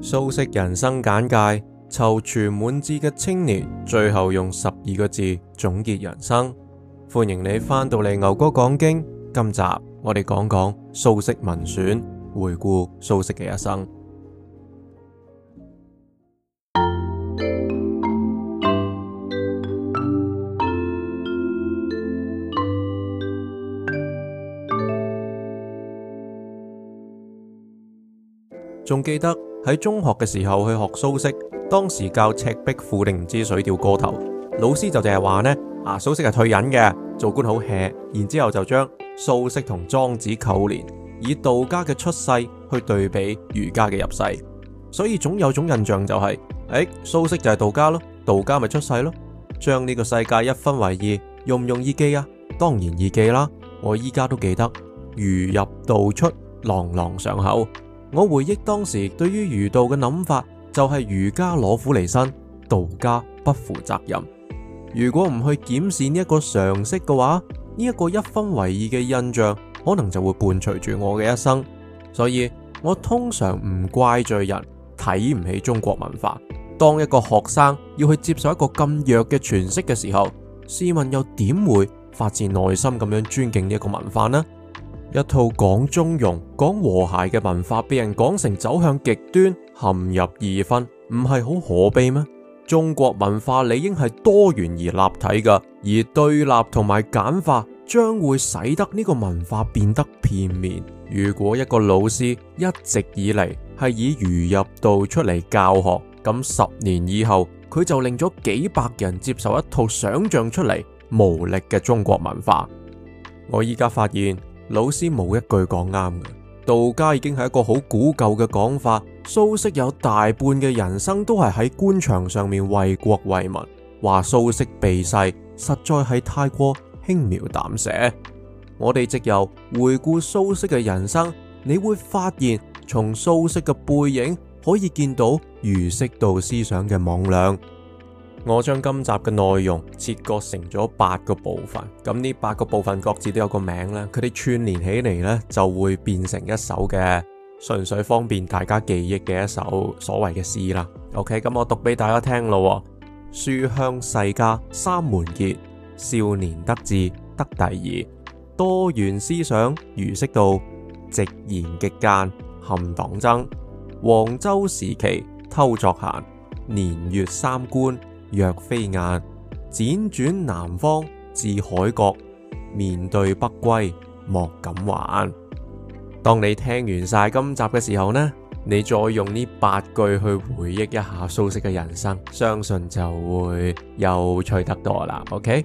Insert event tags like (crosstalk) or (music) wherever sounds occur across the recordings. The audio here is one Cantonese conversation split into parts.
蘇軾人生簡介，躊躇滿志嘅青年，最後用十二個字總結人生。歡迎你翻到嚟牛哥講經，今集我哋講講蘇軾文選，回顧蘇軾嘅一生，仲記得。喺中學嘅時候去學蘇軾，當時教《赤壁賦》定唔知《水調歌頭》，老師就淨係話呢，啊蘇軾係退隱嘅，做官好 hea，然之後就將蘇軾同莊子扣連，以道家嘅出世去對比儒家嘅入世，所以總有種印象就係，誒蘇軾就係道家咯，道家咪出世咯，將呢個世界一分為二，容唔容易記啊？當然易記啦，我依家都記得，儒入道出，朗朗上口。我回憶當時對於儒道嘅諗法，就係儒家攞苦嚟辛，道家不負責任。如果唔去檢視呢一個常識嘅話，呢、這、一個一分為二嘅印象，可能就會伴隨住我嘅一生。所以我通常唔怪罪人睇唔起中國文化。當一個學生要去接受一個咁弱嘅詮釋嘅時候，試問又點會發自內心咁樣尊敬呢一個文化呢？一套講中庸、講和諧嘅文化，被人講成走向極端，陷入二分，唔係好可悲咩？中國文化理應係多元而立體㗎，而對立同埋簡化將會使得呢個文化變得片面。如果一個老師一直以嚟係以儒入道出嚟教學，咁十年以後佢就令咗幾百人接受一套想象出嚟，無力嘅中國文化。我依家發現。老師冇一句講啱嘅，道家已經係一個好古舊嘅講法。蘇軾有大半嘅人生都係喺官場上面為國為民，話蘇軾避世實在係太過輕描淡寫。我哋藉由回顧蘇軾嘅人生，你會發現從蘇軾嘅背影可以見到儒釋道思想嘅罔兩。我將今集嘅內容切割成咗八個部分，咁呢八個部分各自都有個名啦，佢哋串連起嚟咧就會變成一首嘅純粹方便大家記憶嘅一首所謂嘅詩啦。OK，咁我讀俾大家聽啦。書香世家三門傑，少年得志得第二，多元思想儒釋道，直言極諫陷黨爭。黃州時期偷作閒，年閱三官。若飛雁，輾轉南方至海角，面對北歸莫敢還。當你聽完晒今集嘅時候呢，你再用呢八句去回憶一下蘇軾嘅人生，相信就會有趣得多啦。OK，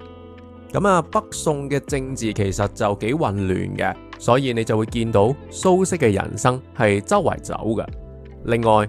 咁啊，北宋嘅政治其實就幾混亂嘅，所以你就會見到蘇軾嘅人生係周圍走嘅。另外，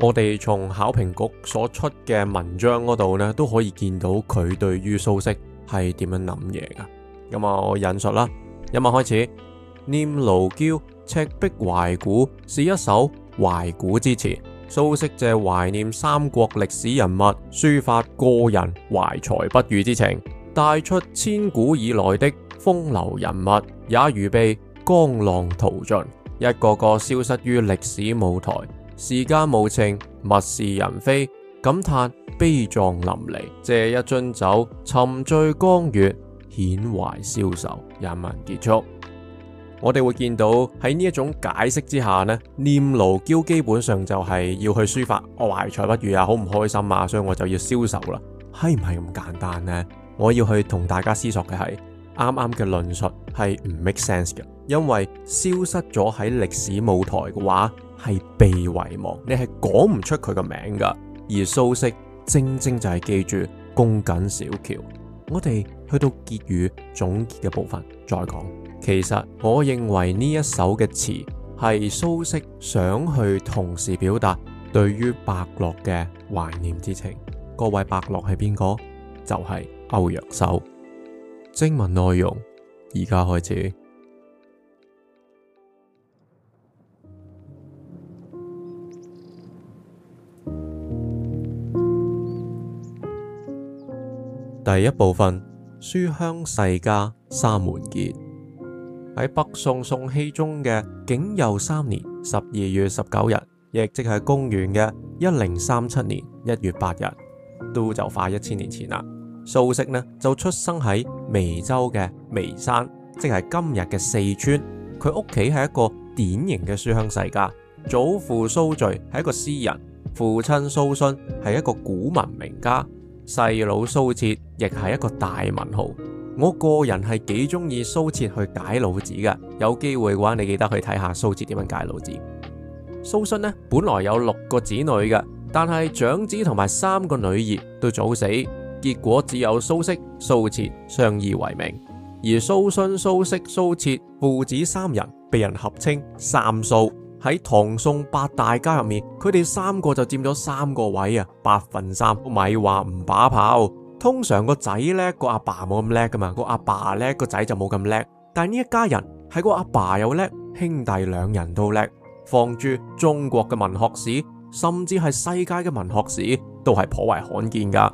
我哋從考評局所出嘅文章嗰度咧，都可以見到佢對於蘇軾係點樣諗嘢㗎。咁啊，我引述啦，今日開始《 (noise) 念奴嬌·赤壁懷古》是一首懷古之詞，蘇軾借懷念三國歷史人物，抒發個人懷才不遇之情，帶出千古以來的風流人物，也如被江浪淘盡，一個個消失於歷史舞台。時間無情，物是人非，感嘆悲壯淋漓。借一樽酒，沉醉江月，遣懷消愁。引文結束，我哋會見到喺呢一種解釋之下呢，念奴嬌基本上就係要去抒發懷才不遇啊，好唔開心啊，所以我就要消愁啦。係唔係咁簡單呢？我要去同大家思索嘅係，啱啱嘅論述係唔 make sense 嘅，因為消失咗喺歷史舞台嘅話。係被遺忘，你係講唔出佢個名噶。而蘇軾正正就係記住公瑾小喬。我哋去到結語總結嘅部分再講。其實我認為呢一首嘅詞係蘇軾想去同時表達對於伯樂嘅懷念之情。各位伯樂係邊個？就係歐陽修。正文內容而家開始。第一部分，書香世家三門傑。喺北宋宋熹宗嘅景祐三年十二月十九日，亦即係公元嘅一零三七年一月八日，都就快一千年前啦。蘇軾呢就出生喺眉州嘅眉山，即係今日嘅四川。佢屋企係一個典型嘅書香世家，祖父蘇序係一個詩人，父親蘇洵係一個古文名家。細佬蘇轍亦係一個大文豪，我個人係幾中意蘇轍去解老子㗎。有機會嘅話，你記得去睇下蘇轍點樣解老子。蘇洵呢，本來有六個子女㗎，但係長子同埋三個女兒都早死，結果只有蘇軾、蘇轍相依為命。而蘇洵、蘇軾、蘇轍父子三人被人合稱三蘇。喺唐宋八大家入面，佢哋三個就佔咗三個位啊，百分三，咪係話唔把炮。通常個仔叻個阿爸冇咁叻噶嘛，個阿爸叻個仔就冇咁叻。但係呢一家人係個阿爸又叻，兄弟兩人都叻，放住中國嘅文學史，甚至係世界嘅文學史都係頗為罕見噶。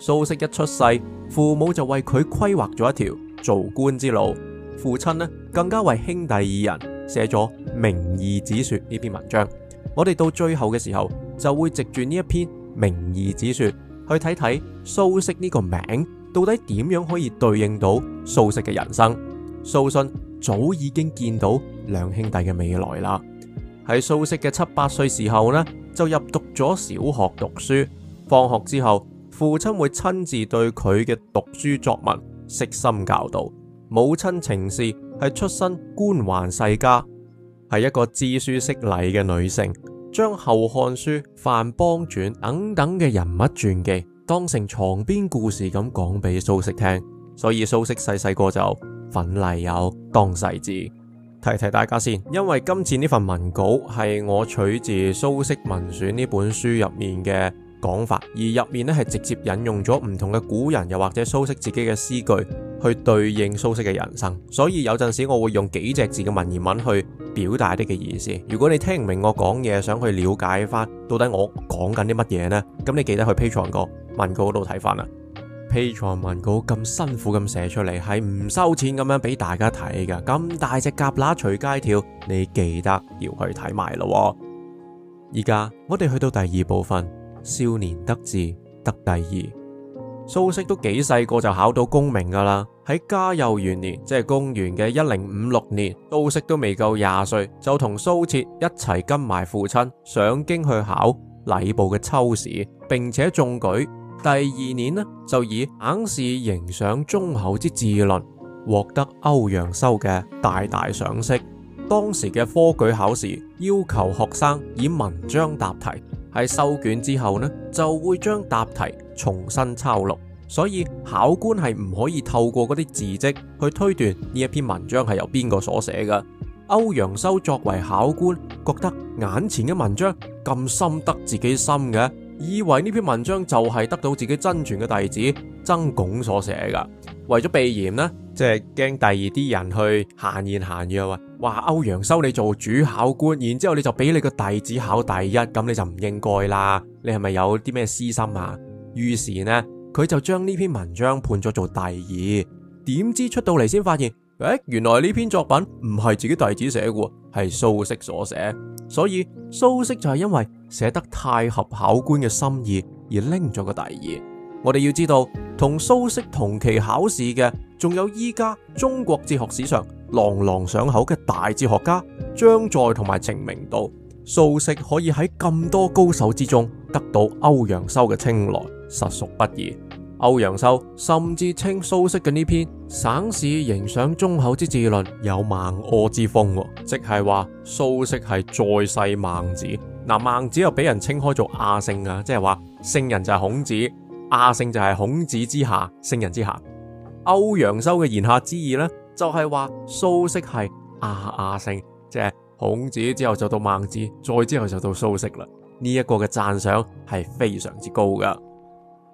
蘇軾一出世，父母就為佢規劃咗一條做官之路，父親呢更加為兄弟二人。寫咗《明義子說》呢篇文章，我哋到最後嘅時候就會藉住呢一篇《名二子說》去睇睇蘇軾呢個名到底點樣可以對應到蘇軾嘅人生。蘇洵早已經見到兩兄弟嘅未來啦。喺蘇軾嘅七八歲時候呢，就入讀咗小學讀書。放學之後，父親會親自對佢嘅讀書作文悉心教導，母親程氏，係出身官宦世家，係一個知書識禮嘅女性，將《後漢書》《范滂傳》等等嘅人物傳記當成床邊故事咁講俾蘇軾聽，所以蘇軾細細個就奮厲有當世志。提提大家先，因為今次呢份文稿係我取自《蘇軾文選》呢本書入面嘅講法，而入面呢係直接引用咗唔同嘅古人，又或者蘇軾自己嘅詩句，去對應蘇軾嘅人生，所以有陣時我會用幾隻字嘅文言文去表達一啲嘅意思。如果你聽唔明我講嘢，想去了解翻，到底我講緊啲乜嘢呢？咁你記得去 Patreon 個文稿度睇翻啦。Patreon 文稿咁辛苦咁寫出嚟，係唔收錢咁樣俾大家睇噶。咁大隻夾乸隨街跳，你記得要去睇埋咯。而家我哋去到第二部分，少年得志得第二，蘇軾都幾細個就考到功名噶啦。喺嘉佑元年，即係公元嘅一零五六年，蘇軾都未夠廿歲，就同蘇轍一齊跟埋父親上京去考禮部嘅秋試，並且中舉。第二年呢，就以省試刑賞忠厚之至論，獲得歐陽修嘅大大賞識。當時嘅科舉考試要求學生以文章答題，喺收卷之後呢，就會將答題重新抄錄。所以考官係唔可以透過嗰啲字迹去推斷呢一篇文章係由邊個所寫嘅。歐陽修作為考官，覺得眼前嘅文章咁深得自己心嘅，以為呢篇文章就係得到自己真傳嘅弟子曾鞏所寫㗎。為咗避嫌呢，即係驚第二啲人去閒言閒語啊，話歐陽修你做主考官，然之後你就俾你個弟子考第一，咁你就唔應該啦，你係咪有啲咩私心啊？於是呢。佢就將呢篇文章判咗做第二，點知出到嚟，先發現，誒、欸，原來呢篇作品唔係自己弟子寫嘅，係蘇軾所寫，所以蘇軾就係因為寫得太合考官嘅心意而拎咗個第二。我哋要知道，同蘇軾同期考試嘅，仲有依家中國哲學史上朗朗上口嘅大哲學家張載同埋程明道，蘇軾可以喺咁多高手之中得到歐陽修嘅青睞，實屬不易。歐陽修甚至稱蘇軾嘅呢篇《省試刑賞忠厚之至論》有孟軻之風，即係話蘇軾係再世孟子。嗱、啊，孟子又俾人稱開做亞聖啊，即係話聖人就係孔子，亞聖就係孔子之下聖人之下。歐陽修嘅言下之意呢，就係話蘇軾係亞亞聖，即係孔子之後就到孟子，再之後就到蘇軾啦。呢、這、一個嘅贊賞係非常之高噶。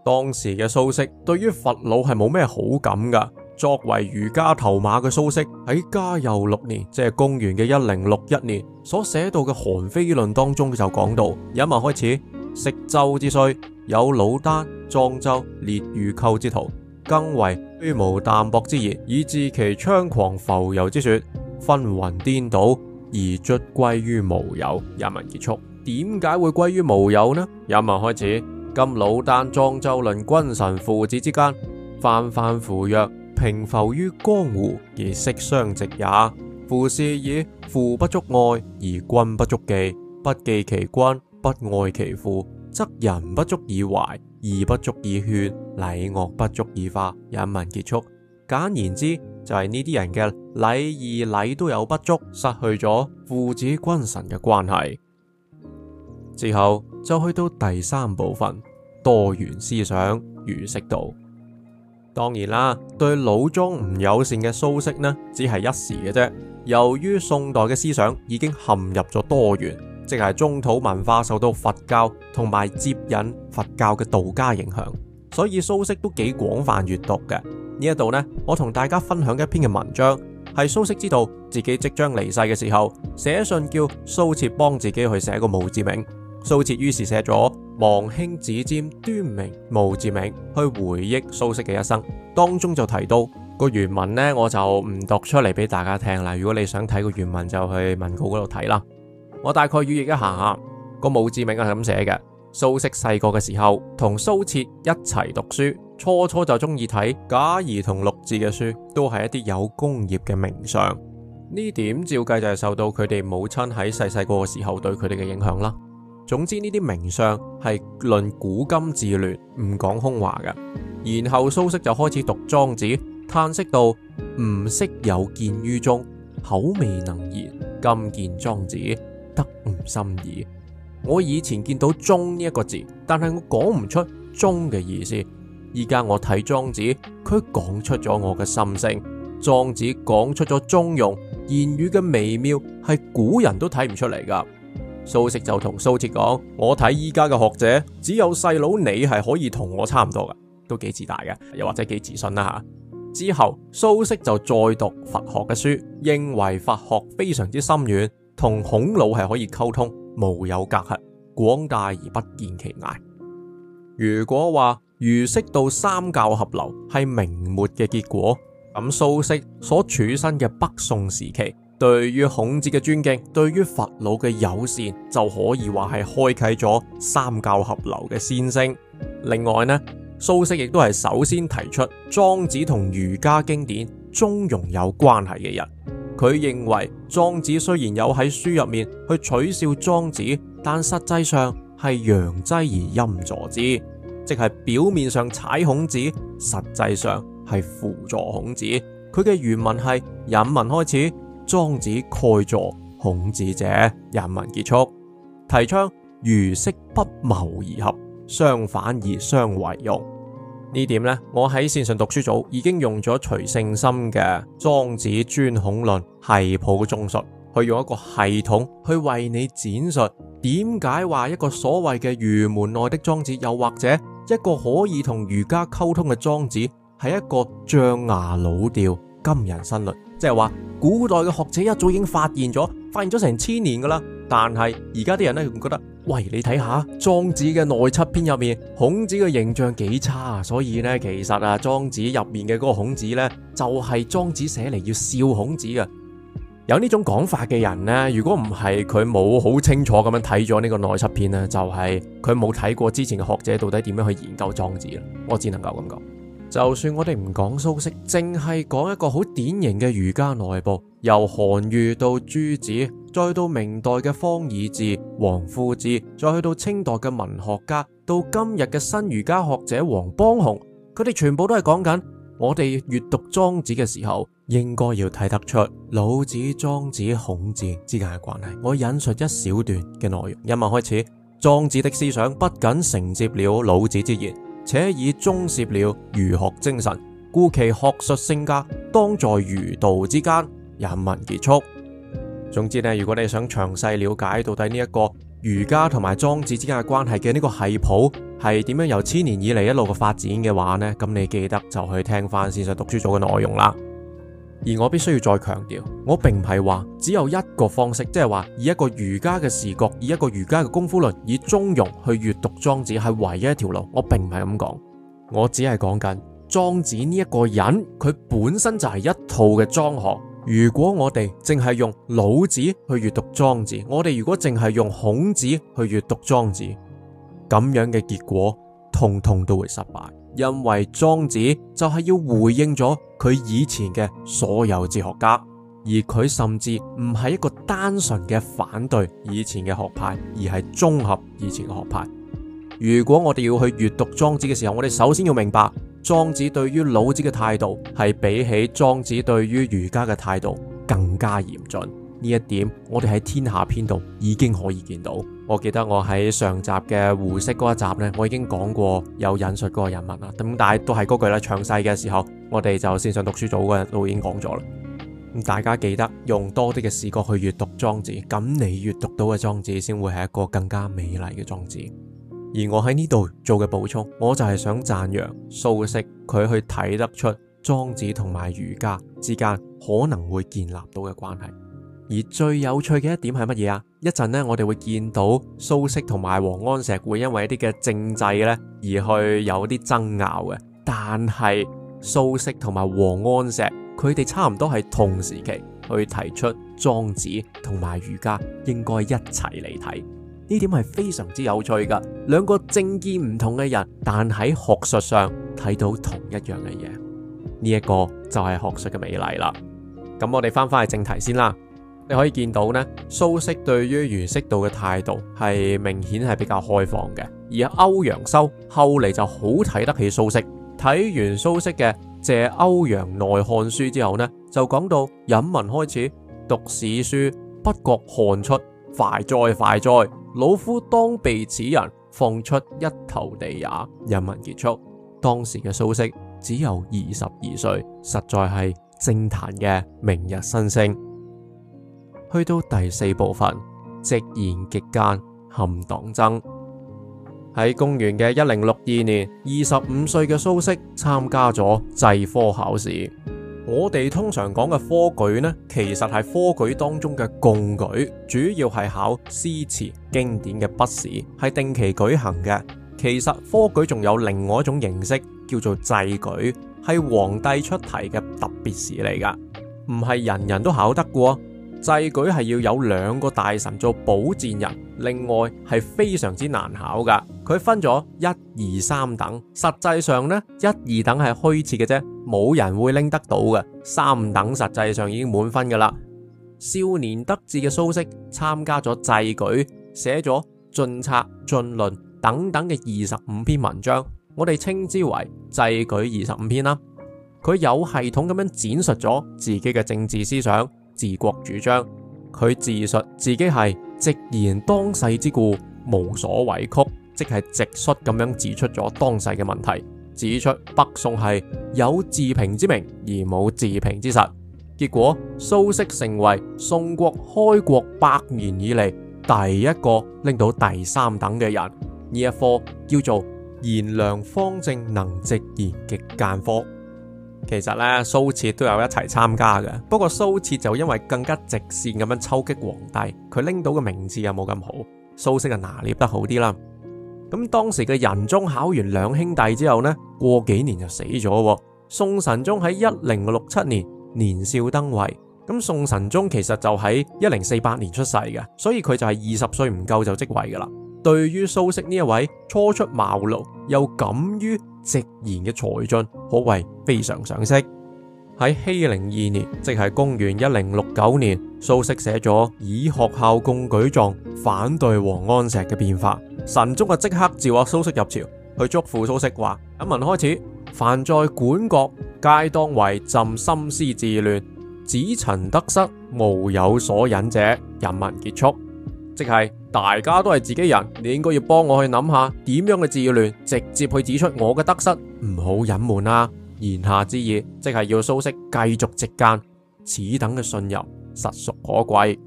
當時嘅蘇軾對於佛老係冇咩好感噶作為儒家頭馬嘅蘇軾喺嘉佑六年，即係公元嘅一零六一年，所寫到嘅《韓非論》當中，就講到：，引文開始，昔周之衰，有老聃、莊周、列御寇之徒，更為虛無淡泊之言，以治其猖狂浮游之說，紛紜顛倒，而卒歸於無有。引文結束，點解會歸於無有呢？引文開始。今老聃莊周論君臣父子之間，泛泛乎若，平浮於江湖而色相直也。夫是以父不足愛而君不足忌，不忌其君，不愛其父，則人不足以懷，義不足以勸，禮樂不足以化。引文結束。簡言之，就係呢啲人嘅禮義禮都有不足，失去咗父子君臣嘅關係。之後。就去到第三部分多元思想，儒釋道。當然啦，對老莊唔友善嘅蘇軾呢，只係一時嘅啫。由於宋代嘅思想已經陷入咗多元，即係中土文化受到佛教同埋接引佛教嘅道家影響，所以蘇軾都幾廣泛閱讀嘅。呢一度呢，我同大家分享一篇嘅文章，係蘇軾知道自己即將離世嘅時候，寫信叫蘇轍幫自己去寫個墓誌銘。蘇轍於是寫咗《亡兄子瞻端明墓誌銘》去回憶蘇軾嘅一生，當中就提到個原文呢，我就唔讀出嚟俾大家聽啦。如果你想睇個原文，就去文稿嗰度睇啦。我大概語譯一下，個墓誌銘係咁寫嘅：蘇軾細個嘅時候同蘇轍一齊讀書，初初就中意睇賈誼同陸贄嘅書，都係一啲有功業、嘅名相。呢點照計就係受到佢哋母親喺細細個嘅時候對佢哋嘅影響啦。總之呢啲名相係論古今治亂，唔講空話嘅。然後蘇軾就開始讀莊子，嘆息道：吾昔有見於中，口未能言。今見莊子，得吾心矣。我以前見到“中”呢一個字，但係我講唔出“中”嘅意思。依家我睇莊子，佢講出咗我嘅心聲。莊子講出咗中庸，言語嘅微妙係古人都睇唔出嚟噶。蘇軾就同蘇轍講：我睇依家嘅學者，只有細佬你係可以同我差唔多嘅，都幾自大嘅，又或者幾自信啦、啊、吓。之後蘇軾就再讀佛學嘅書，認為佛學非常之深遠，同孔老係可以溝通，無有隔閡，廣大而不見其涯。如果話儒釋道三教合流係明末嘅結果，咁蘇軾所處身嘅北宋時期，對於孔子嘅尊敬，對於佛老嘅友善，就可以話係開啟咗三教合流嘅先聲。另外呢，蘇軾亦都係首先提出莊子同儒家經典中庸有關係嘅人。佢認為莊子雖然有喺書入面去取笑莊子，但實際上係陽擠而陰助之，即係表面上踩孔子，實際上係輔助孔子。佢嘅原文係，引文開始。莊子蓋作孔子者，人文結束，提倡儒釋不謀而合，相反而相為用。呢點呢，我喺線上讀書組已經用咗徐聖心嘅《莊子專孔論》係普中述，係抱宗術去用一個系統去為你展述，點解話一個所謂嘅儒門內的莊子，又或者一個可以同儒家溝通嘅莊子，係一個象牙老調、金人新律。即係話古代嘅學者一早已經發現咗，發現咗成千年噶啦。但係而家啲人咧覺得，喂，你睇下莊子嘅內七篇入面，孔子嘅形象幾差。所以咧，其實啊，莊子入面嘅嗰個孔子咧，就係莊子寫嚟要笑孔子嘅。有呢種講法嘅人咧，如果唔係佢冇好清楚咁樣睇咗呢個內七篇咧，就係佢冇睇過之前嘅學者到底點樣去研究莊子啦。我只能夠咁講。就算我哋唔講蘇軾，淨係講一個好典型嘅儒家內部，由韓愈到朱子，再到明代嘅方以智、王夫之，再去到清代嘅文學家，到今日嘅新儒家學者王邦雄，佢哋全部都係講緊我哋閱讀莊子嘅時候，應該要睇得出老子、莊子、孔子之間嘅關係。我引述一小段嘅內容，一文開始莊子的思想不僅承接了老子之言。且已宗涉了儒學精神，故其學術性格當在儒道之間，引文結束。總之咧，如果你想詳細了解到底呢、這、一個儒家同埋莊子之間嘅關係嘅呢個系譜係點樣由千年以嚟一路嘅發展嘅話呢，咁你記得就去聽翻線上讀書組嘅內容啦。而我必須要再強調，我並唔係話只有一個方式，即係話以一個儒家嘅視角，以一個儒家嘅功夫論，以中庸去閱讀莊子係唯一一條路。我並唔係咁講，我只係講緊莊子呢一個人，佢本身就係一套嘅莊學。如果我哋淨係用老子去閱讀莊子，我哋如果淨係用孔子去閱讀莊子，咁樣嘅結果，通通都會失敗。因為莊子就係要回應咗佢以前嘅所有哲學家，而佢甚至唔係一個單純嘅反對以前嘅學派，而係綜合以前嘅學派。如果我哋要去閱讀莊子嘅時候，我哋首先要明白，莊子對於老子嘅態度係比起莊子對於儒家嘅態度更加嚴峻。呢一點，我哋喺天下篇度已經可以見到。我記得我喺上集嘅胡適嗰一集呢，我已經講過有引述嗰個人物啦。咁但係都係嗰句啦，詳細嘅時候，我哋就線上讀書組嘅人都已經講咗啦。大家記得用多啲嘅視覺去閱讀莊子，咁你閱讀到嘅莊子先會係一個更加美麗嘅莊子。而我喺呢度做嘅補充，我就係想讚揚蘇軾佢去睇得出莊子同埋儒家之間可能會建立到嘅關係。而最有趣嘅一點係乜嘢啊？一陣呢，我哋會見到蘇軾同埋王安石會因為一啲嘅政制呢而去有啲爭拗嘅。但係蘇軾同埋王安石，佢哋差唔多係同時期去提出莊子同埋儒家應該一齊嚟睇呢點，係非常之有趣噶。兩個政見唔同嘅人，但喺學術上睇到同一樣嘅嘢，呢一個就係學術嘅美麗啦。咁我哋翻返去正題先啦。你可以見到呢，蘇軾對於儒釋道嘅態度係明顯係比較開放嘅，而歐陽修後嚟就好睇得起蘇軾。睇完蘇軾嘅《謝歐陽內翰書》之後呢，就講到引文開始讀史書，不覺汗出，快哉快哉！老夫當被此人放出一頭地也。引文結束，當時嘅蘇軾只有二十二歲，實在係政壇嘅明日新星。去到第四部分，直言極諫陷黨爭。喺公元嘅一零六二年，二十五歲嘅蘇軾參加咗制科考試。 (music) 我哋通常講嘅科舉呢，其實係科舉當中嘅貢舉，主要係考詩詞經典嘅筆試，係定期舉行嘅。其實科舉仲有另外一種形式叫做制舉，係皇帝出題嘅特別試嚟噶，唔係人人都考得過。制舉係要有兩個大臣做保薦人，另外係非常之難考噶。佢分咗一二三等，實際上呢，一二等係虛設嘅啫，冇人會拎得到嘅。三等實際上已經滿分噶啦。少年得志嘅蘇軾參加咗制舉，寫咗進策、進論等等嘅二十五篇文章，我哋稱之為制舉二十五篇啦。佢有系統咁樣展述咗自己嘅政治思想。治國主張，佢自述自己係直言當世之故，無所委曲，即係直率咁樣指出咗當世嘅問題，指出北宋係有自評之名而冇自評之實。結果蘇軾成為宋國開國百年以嚟第一個拎到第三等嘅人，呢一科叫做賢良方正能直言極諫科。其實咧，蘇轍都有一齊參加嘅，不過蘇轍就因為更加直線咁樣抽擊皇帝，佢拎到嘅名次又冇咁好。蘇軾就拿捏得好啲啦。咁當時嘅仁宗考完兩兄弟之後呢，過幾年就死咗。宋神宗喺一零六七年年少登位，咁宋神宗其實就喺一零四八年出世嘅，所以佢就係二十歲唔夠就即位噶啦。對於蘇軾呢一位初出茅廬，又敢於直言嘅才俊，可謂非常賞識。喺熙寧二年，即係公元一零六九年，蘇軾寫咗《以學校貢舉狀》反對王安石嘅變化，神宗啊，即刻召阿蘇軾入朝，去囑咐蘇軾話：引文開始，凡在館閣，皆當為朕深思自亂，子陳得失，無有所隱者。引文結束，即係。大家都係自己人，你應該要幫我去諗下點樣嘅治亂，直接去指出我嘅得失，唔好隱瞞啦。言下之意，即係要蘇軾繼續直諫，此等嘅信任實屬可貴。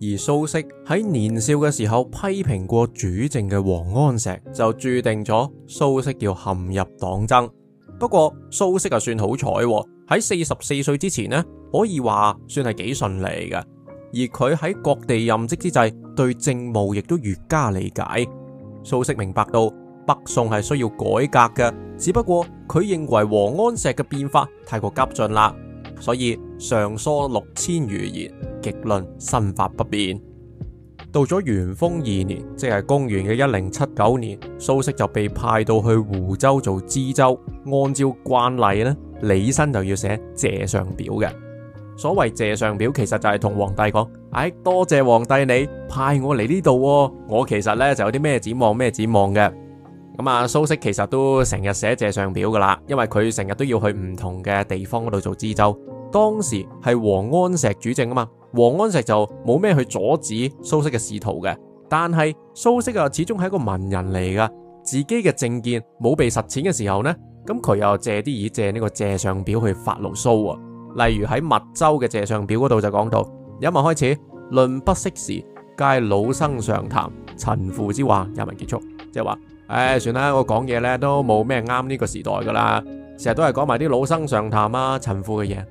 而蘇軾喺年少嘅時候批評過主政嘅王安石，就注定咗蘇軾要陷入黨爭。不過蘇軾就算好彩喎，喺四十四歲之前呢，可以話算係幾順利嘅。而佢喺各地任職之際，對政務亦都越加理解。蘇軾明白到北宋係需要改革嘅，只不過佢認為王安石嘅變法太過急進啦，所以上疏六千餘言，極論新法不便。到咗元豐二年，即係公元嘅一零七九年，蘇軾就被派到去湖州做知州，按照慣例呢，李新就要寫謝上表嘅。所謂謝上表，其實就係同皇帝講，哎，多謝皇帝你派我嚟呢度，我其實呢就有啲咩展望咩展望嘅。咁、嗯、啊，蘇軾其實都成日寫謝上表噶啦，因為佢成日都要去唔同嘅地方嗰度做知州。當時係王安石主政啊嘛，王安石就冇咩去阻止蘇軾嘅仕途嘅。但係蘇軾啊，始終係一個文人嚟噶，自己嘅政見冇被實踐嘅時候呢，咁、嗯、佢又借啲以借呢個謝上表去發牢騷例如喺密州嘅謝上表嗰度就講到，有文開始，論不適時，皆老生常談，陳腐之話。有文結束，即係話，唉、哎，算啦，我講嘢呢都冇咩啱呢個時代噶啦，成日都係講埋啲老生常談啊，陳腐嘅嘢，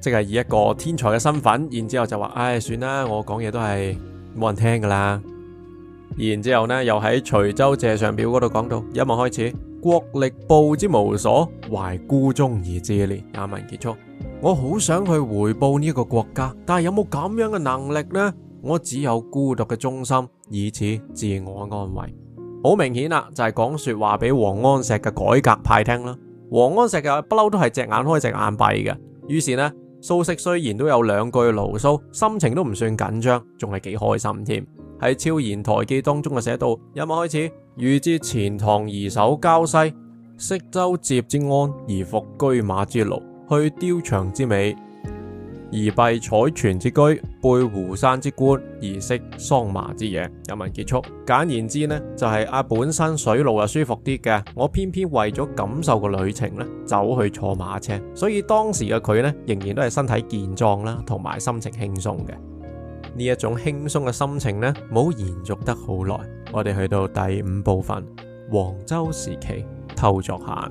即係以一個天才嘅身份，然之後就話，唉、哎，算啦，我講嘢都係冇人聽噶啦，然之後呢又喺徐州謝上表嗰度講到，有文開始。國力報之無所，懷孤忠而自憐。啱啱結束，我好想去回報呢一個國家，但係有冇咁樣嘅能力呢？我只有孤獨嘅忠心，以此自我安慰。好明顯啦、啊，就係講說話俾王安石嘅改革派聽啦、啊。王安石嘅不嬲都係隻眼開隻眼閉嘅。於是呢，蘇軾雖然都有兩句牢騷，心情都唔算緊張，仲係幾開心添。喺《超然台記》當中嘅寫到，有冇開始。余自錢塘移守膠西，釋舟楫之安而服車馬之勞，去雕牆之美，而蔽采椽之居，背湖山之觀，而適桑麻之野。引文結束。簡言之呢，就係、是、阿、啊、本身水路又舒服啲嘅，我偏偏為咗感受個旅程呢，走去坐馬車。所以當時嘅佢呢，仍然都係身體健壯啦，同埋心情輕鬆嘅。呢一種輕鬆嘅心情呢，冇延續得好耐。我哋去到第五部分，黃州時期偷作閒。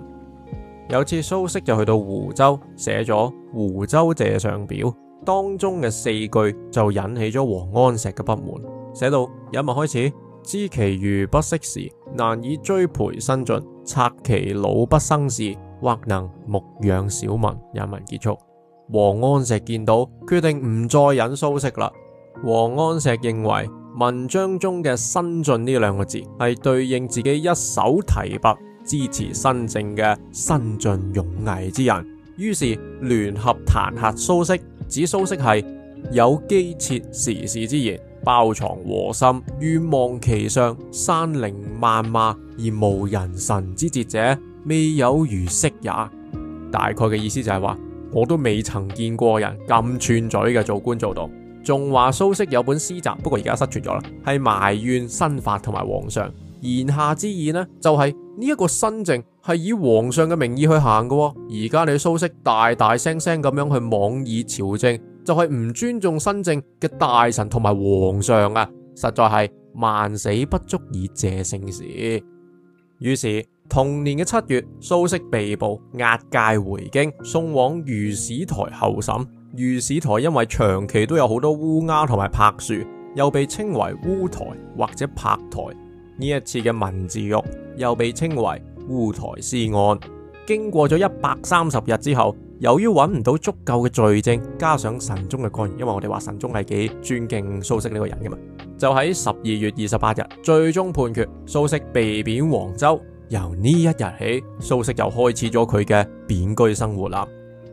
有次蘇軾就去到湖州，寫咗《湖州謝上表》，當中嘅四句就引起咗王安石嘅不滿。寫到：引文開始，知其愚不適時，難以追陪新進；察其老不生事，或能牧養小民。引文結束。王安石見到，決定唔再引蘇軾啦。王安石認為文章中嘅新進呢兩個字係對應自己一手提拔支持新政嘅新進勇毅之人，於是聯合彈劾蘇軾，指蘇軾係有譏切時事之言，包藏禍心。欲望其上山陵萬馬而無人臣之節者，未有如軾也。大概嘅意思就係話，我都未曾見過人咁串嘴嘅做官做到。仲話蘇軾有本詩集，不過而家失傳咗啦，係埋怨新法同埋皇上，言下之意呢就係呢一個新政係以皇上嘅名義去行嘅。而家你蘇軾大大聲聲咁樣去妄議朝政，就係、是、唔尊重新政嘅大臣同埋皇上啊！實在係萬死不足以謝聖時。於是同年嘅七月，蘇軾被捕押解回京，送往御史台候審。御史台因為長期都有好多烏鴉同埋柏樹，又被稱為烏台或者柏台。呢一次嘅文字獄又被稱為烏台詩案。經過咗一百三十日之後，由於揾唔到足夠嘅罪證，加上神宗嘅干員，因為我哋話神宗係幾尊敬蘇軾呢個人㗎嘛，就喺十二月二十八日，最終判決蘇軾被貶黃州。由呢一日起，蘇軾又開始咗佢嘅貶居生活啦。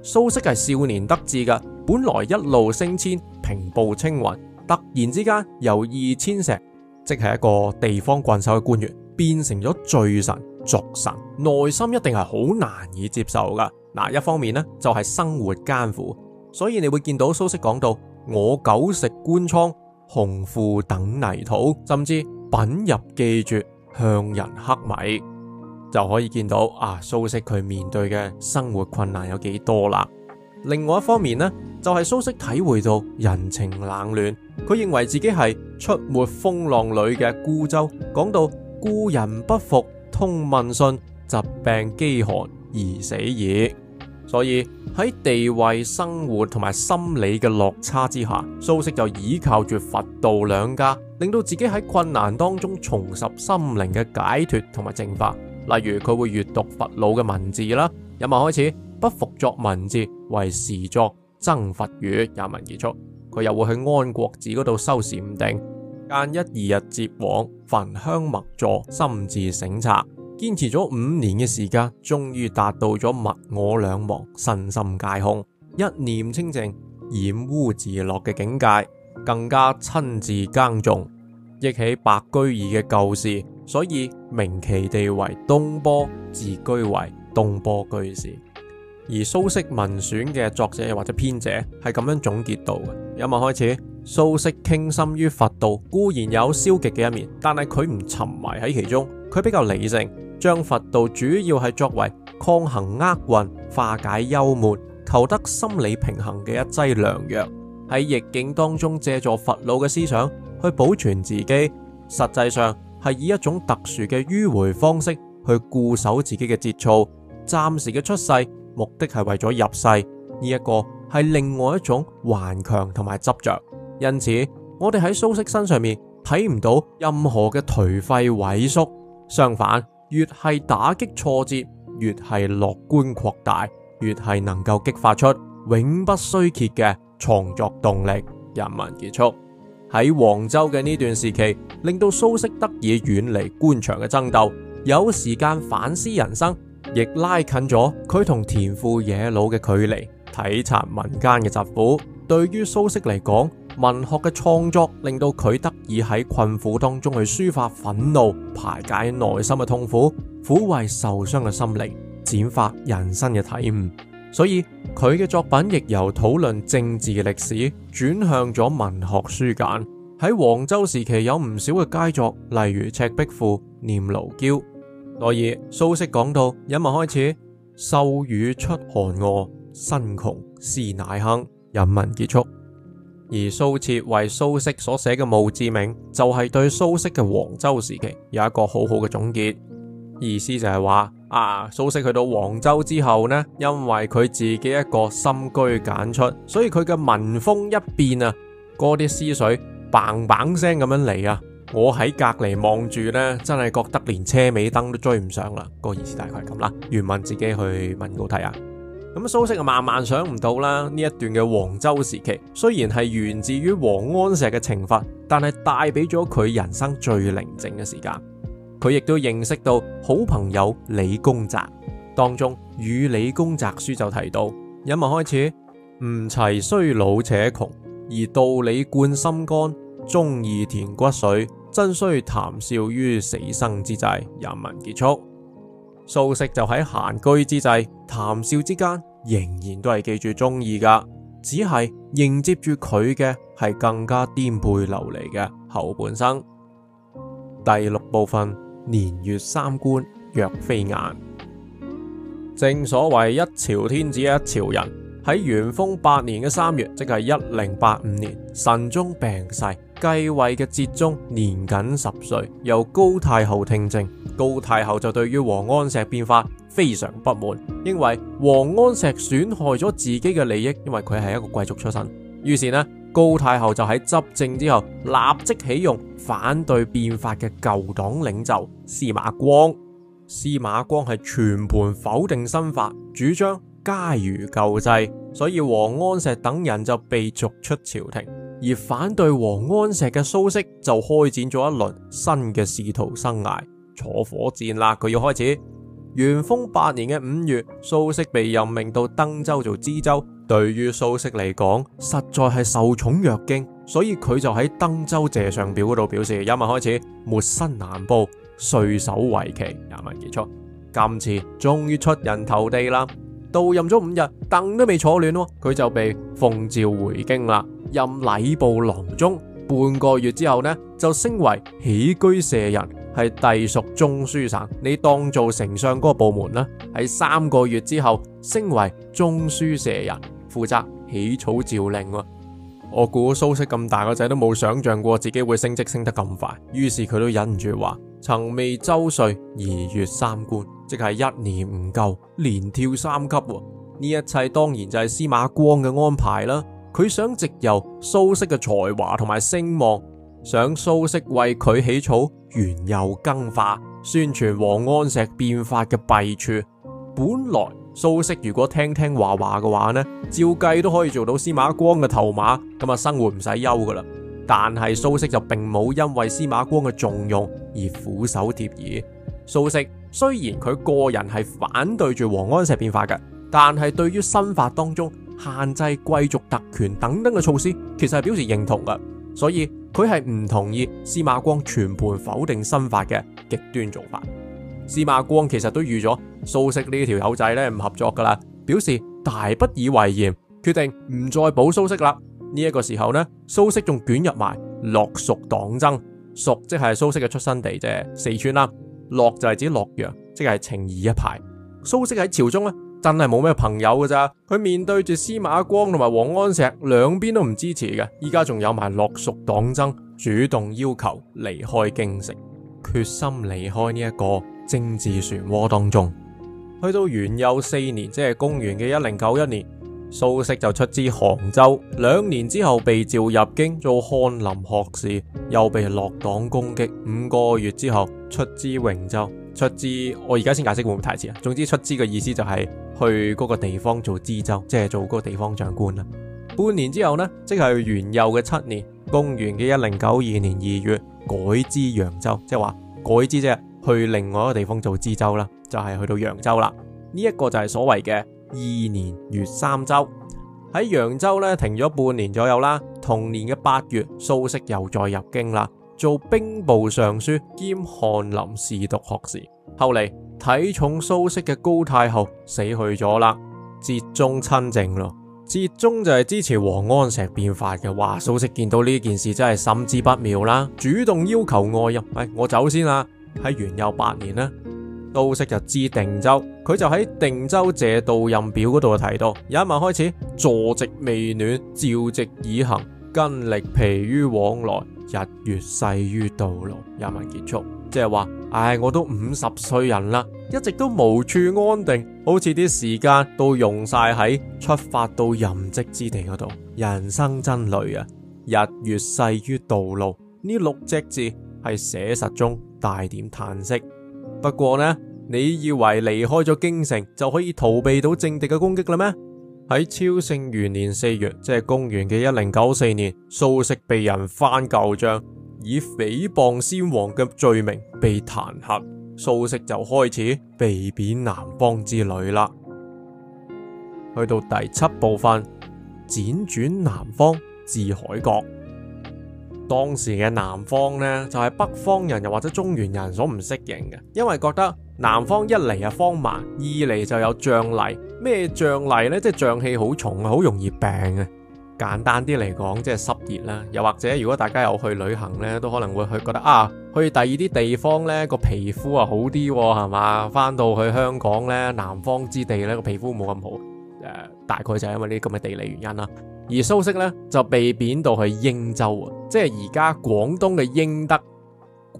蘇軾係少年得志嘅，本來一路升遷，平步青雲，突然之間由二千石，即係一個地方郡守嘅官員，變成咗罪臣、逐臣，內心一定係好難以接受噶。嗱，一方面呢，就係、是、生活艱苦，所以你會見到蘇軾講到：我久食官倉紅腐等泥土，甚至品入既絕向人乞米。就可以見到啊，蘇軾佢面對嘅生活困難有幾多啦。另外一方面呢，就係蘇軾體會到人情冷暖，佢認為自己係出沒風浪裏嘅孤舟。講到故人不復通問訊，疾病飢寒而死也。所以喺地位、生活同埋心理嘅落差之下，蘇軾就倚靠住佛道兩家，令到自己喺困難當中重拾心靈嘅解脫同埋淨化。例如佢會閱讀佛老嘅文字啦，一文開始不復作文字，為時作僧佛語，一文結束。佢又會喺安國寺嗰度修禪定，間一二日接往焚香默坐，深自省察，堅持咗五年嘅時間，終於達到咗物我兩忘、身心皆空、一念清淨、染污自落嘅境界，更加親自耕種，憶起白居易嘅舊事。所以名其地為東坡，自居為東坡居士。而蘇軾文選嘅作者或者編者係咁樣總結到嘅。一開始，蘇軾傾心於佛道，固然有消極嘅一面，但係佢唔沉迷喺其中，佢比較理性，將佛道主要係作為抗衡厄運、化解憂悶、求得心理平衡嘅一劑良藥。喺逆境當中，借助佛老嘅思想去保存自己，實際上，係以一種特殊嘅迂迴方式去固守自己嘅節操，暫時嘅出世目的係為咗入世，呢一個係另外一種頑強同埋執着。因此，我哋喺蘇軾身上面睇唔到任何嘅頹廢萎縮，相反，越係打擊挫折，越係樂觀擴大，越係能夠激發出永不衰竭嘅創作動力。人民結束。喺黃州嘅呢段時期，令到蘇軾得以遠離官場嘅爭鬥，有時間反思人生，亦拉近咗佢同田父野老嘅距離，體察民間嘅疾苦。對於蘇軾嚟講，文學嘅創作令到佢得以喺困苦當中去抒發憤怒，排解內心嘅痛苦，撫慰受傷嘅心靈，展發人生嘅體悟。所以佢嘅作品亦由討論政治嘅歷史轉向咗文學書簡。喺黃州時期有唔少嘅佳作，例如《赤壁賦》、《念奴嬌》。所以蘇軾講到：，引文開始，秀語出寒餓，身窮詩乃亨。引文結束。而蘇轍為蘇軾所寫嘅墓誌銘，就係、是、對蘇軾嘅黃州時期有一個好好嘅總結。意思就係話啊，蘇軾去到黃州之後呢，因為佢自己一個深居簡出，所以佢嘅文風一變啊，嗰啲思緒砰砰聲咁樣嚟啊，我喺隔籬望住呢，真係覺得連車尾燈都追唔上啦。個意思大概係咁啦，原文自己去文稿睇啊。咁蘇軾啊，萬萬想唔到啦，呢一段嘅黃州時期，雖然係源自於王安石嘅懲罰，但係帶俾咗佢人生最寧靜嘅時間。佢亦都認識到好朋友李公澤當中，與李公澤書就提到，引文開始，吾儕雖老且窮，而道理貫心肝，忠義填骨髓，真須談笑於死生之際。引文結束，蘇軾就喺閒居之際談笑之間，仍然都係記住忠義噶，只係迎接住佢嘅係更加顛沛流離嘅後半生。第六部分。年月三官若飛雁，正所謂一朝天子一朝人。喺元豐八年嘅三月，即係一零八五年，神宗病逝，繼位嘅哲宗年僅十歲，由高太后聽政。高太后就對於王安石變法非常不滿，認為王安石損害咗自己嘅利益，因為佢係一個貴族出身。於是呢？高太后就喺執政之後，立即起用反對變法嘅舊黨領袖司馬光。司馬光係全盤否定新法，主張皆如舊制，所以王安石等人就被逐出朝廷。而反對王安石嘅蘇軾就開展咗一輪新嘅仕途生涯，坐火箭啦！佢要開始。元豐八年嘅五月，蘇軾被任命到登州做知州。對於蘇軾嚟講，實在係受寵若驚，所以佢就喺登州謝上表嗰度表示：引文開始，沒身難報，歲守為期。引文結束，今次終於出人頭地啦！到任咗五日，凳都未坐暖，佢就被奉召回京啦，任禮部郎中。半個月之後呢，就升為起居舍人。係隸屬中書省，你當做丞相嗰個部門啦。喺三個月之後升為中書舍人，負責起草詔令。我估蘇軾咁大個仔都冇想象過自己會升職升得咁快，於是佢都忍唔住話：曾未周歲，二月三官，即係一年唔夠，連跳三級。呢一切當然就係司馬光嘅安排啦。佢想藉由蘇軾嘅才華同埋聲望。想蘇軾為佢起草元祐更化，宣傳王安石變法嘅弊處。本來蘇軾如果聽聽話話嘅話呢，照計都可以做到司馬光嘅頭馬，咁啊生活唔使憂噶啦。但係蘇軾就並冇因為司馬光嘅重用而俯首帖耳。蘇軾雖然佢個人係反對住王安石變法嘅，但係對於新法當中限制貴族特權等等嘅措施，其實係表示認同嘅，所以。佢係唔同意司馬光全盤否定新法嘅極端做法。司馬光其實都預咗蘇軾呢條友仔咧唔合作噶啦，表示大不以為然，決定唔再保蘇軾啦。呢、這、一個時候呢，蘇軾仲捲入埋洛蜀黨爭，蜀即係蘇軾嘅出生地啫，四川啦。洛就係指洛陽，即係程頤一派。蘇軾喺朝中呢？真係冇咩朋友噶咋。佢面對住司馬光同埋王安石兩邊都唔支持嘅，依家仲有埋落屬黨爭，主動要求離開京城，決心離開呢一個政治漩渦當中。去到元祐四年，即係公元嘅一零九一年，蘇軾就出知杭州，兩年之後被召入京做翰林學士，又被落黨攻擊，五個月之後出知榮州。出知我而家先解釋會唔會太遲啊？總之出知嘅意思就係。去嗰個地方做知州，即係做嗰個地方長官啦。半年之後呢，即係元佑嘅七年，公元嘅一零九二年二月，改知揚州，即係話改知即係去另外一個地方做知州啦，就係、是、去到揚州啦。呢、這、一個就係所謂嘅二年閱三州。喺揚州呢，停咗半年左右啦。同年嘅八月，蘇軾又再入京啦，做兵部尚書兼翰林侍讀學士，後嚟。睇重蘇軾嘅高太后死去咗啦，哲宗親政咯。哲宗就係支持王安石變法嘅話，蘇軾見到呢件事真係心知不妙啦，主動要求外任。喂、哎，我先走先啦。喺元佑八年呢，蘇軾就知定州，佢就喺定州借道任表嗰度提到：有一晚開始坐席未暖，照席已行，筋力疲於往來，日月逝於道路。有一晚結束，即係話，唉、哎，我都五十歲人啦。一直都無處安定，好似啲時間都用晒喺出發到任職之地嗰度。人生真累啊！日月逝於道路，呢六隻字係寫實中帶點嘆息。不過呢，你以為離開咗京城就可以逃避到政敵嘅攻擊啦咩？喺紹聖元年四月，即係公元嘅一零九四年，蘇軾被人翻舊賬，以誹謗先王嘅罪名被彈劾。蘇軾就開始被貶南方之旅啦。去到第七部分，輾轉南方至海角。當時嘅南方呢，就係、是、北方人又或者中原人所唔適應嘅，因為覺得南方一嚟啊荒蠻，二嚟就有瘴疠。咩瘴疠呢？即係瘴氣好重啊，好容易病啊。簡單啲嚟講，即係濕熱啦。又或者，如果大家有去旅行呢，都可能會去覺得啊，去第二啲地方呢個皮膚啊好啲、哦，係嘛？翻到去香港呢，南方之地呢個皮膚冇咁好、呃。大概就係因為呢啲咁嘅地理原因啦。而蘇軾呢，就被貶到去英州啊，即係而家廣東嘅英德。